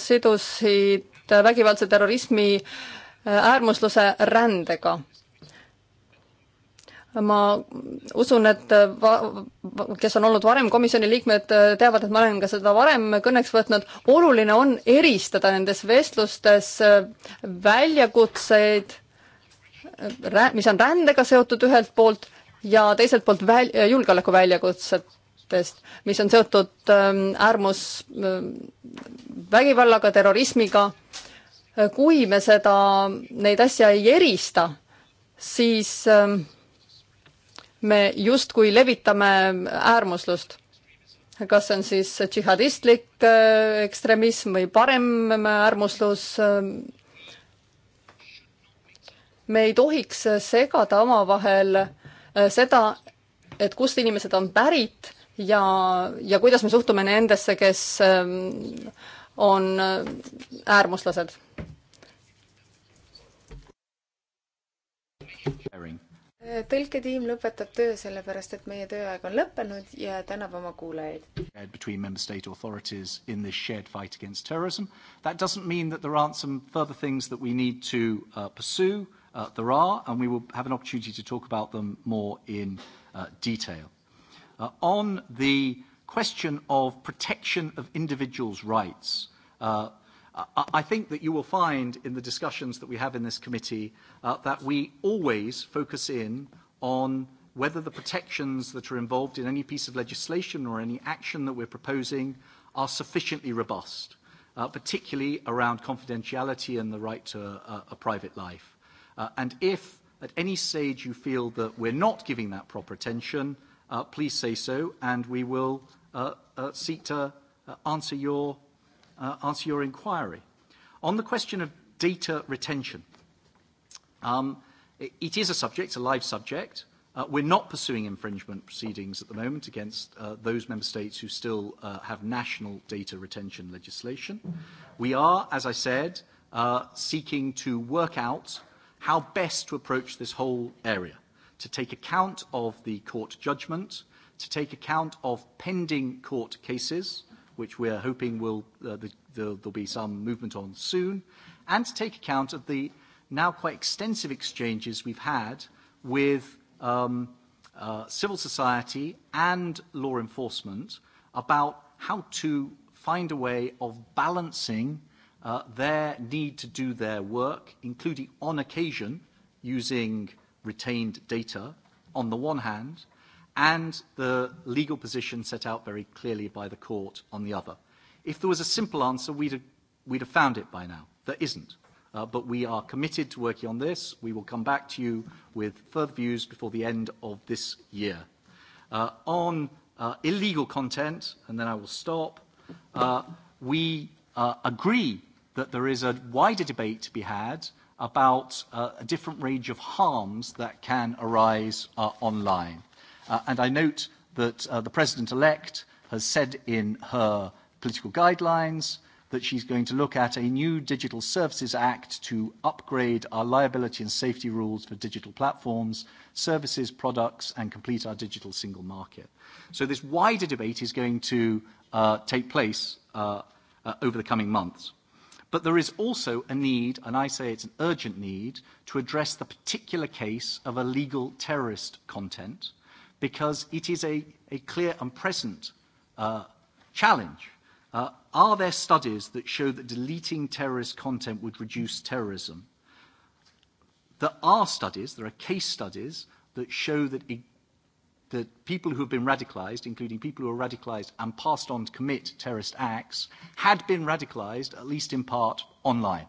sidusid vägivaldse terrorismi äh, äärmusluse rändega ma usun, et äh, va-, kes on olnud varem komisjoni liikmed, äh, teavad, et ma olen ka seda varem kõneks võtnud, oluline on eristada nendes vestlustes äh, väljakutseid, mis on rändega seotud ühelt poolt ja teiselt poolt väl-, julgeoleku väljakutsetest, mis on seotud ähm, äärmusvägivallaga, terrorismiga. kui me seda, neid asja ei erista, siis äh, me justkui levitame äärmuslust. kas see on siis džihadistlik äh, ekstremism või parem äärmuslus? me ei tohiks segada omavahel äh, seda, et kust inimesed on pärit ja, ja kuidas me suhtume nendesse, kes äh, on äärmuslased tõlketiim lõpetab töö sellepärast, et meie tööaeg on lõppenud ja tänab oma kuulajaid. Between member state authorities in this shared fight against terrorism. That doesn't mean that there aren't some further things that we need to uh, pursue. Uh, there are, and we will have an opportunity to talk about them more in uh, detail. Uh, on the question of protection of individuals' rights, uh, I, I think that you will find in the discussions that we have in this committee uh, that we always focus in on whether the protections that are involved in any piece of legislation or any action that we're proposing are sufficiently robust, uh, particularly around confidentiality and the right to a, a private life. Uh, and if at any stage you feel that we're not giving that proper attention, uh, please say so, and we will uh, uh, seek to uh, answer your Uh, answer your inquiry. On the question of data retention, um, it, it is a subject, a live subject. Uh, we're not pursuing infringement proceedings at the moment against uh, those member states who still uh, have national data retention legislation. We are, as I said, uh, seeking to work out how best to approach this whole area, to take account of the court judgment, to take account of pending court cases, which we're hoping will, uh, the, the, there'll be some movement on soon, and to take account of the now quite extensive exchanges we've had with um, uh, civil society and law enforcement about how to find a way of balancing uh, their need to do their work, including on occasion using retained data on the one hand, and the legal position set out very clearly by the court on the other. If there was a simple answer, we'd have, we'd have found it by now. There isn't. Uh, but we are committed to working on this. We will come back to you with further views before the end of this year. Uh, on uh, illegal content, and then I will stop, uh, we uh, agree that there is a wider debate to be had about uh, a different range of harms that can arise uh, online. Uh, and I note that uh, the President-elect has said in her political guidelines that she's going to look at a new Digital Services Act to upgrade our liability and safety rules for digital platforms, services, products, and complete our digital single market. So this wider debate is going to uh, take place uh, uh, over the coming months. But there is also a need, and I say it's an urgent need, to address the particular case of illegal terrorist content because it is a, a clear and present uh, challenge. Uh, are there studies that show that deleting terrorist content would reduce terrorism? There are studies, there are case studies that show that, it, that people who have been radicalized, including people who are radicalized and passed on to commit terrorist acts, had been radicalized, at least in part, online.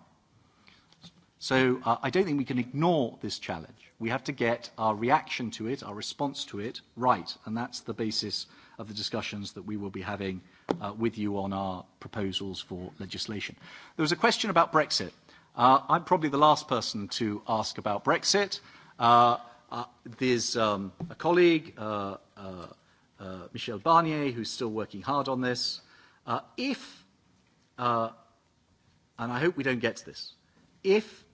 So uh, I don't think we can ignore this challenge. We have to get our reaction to it, our response to it, right. And that's the basis of the discussions that we will be having uh, with you on our proposals for legislation. There was a question about Brexit. Uh, I'm probably the last person to ask about Brexit. Uh, uh, there's um, a colleague, uh, uh, uh, Michel Barnier, who's still working hard on this. Uh, if, uh, and I hope we don't get to this, if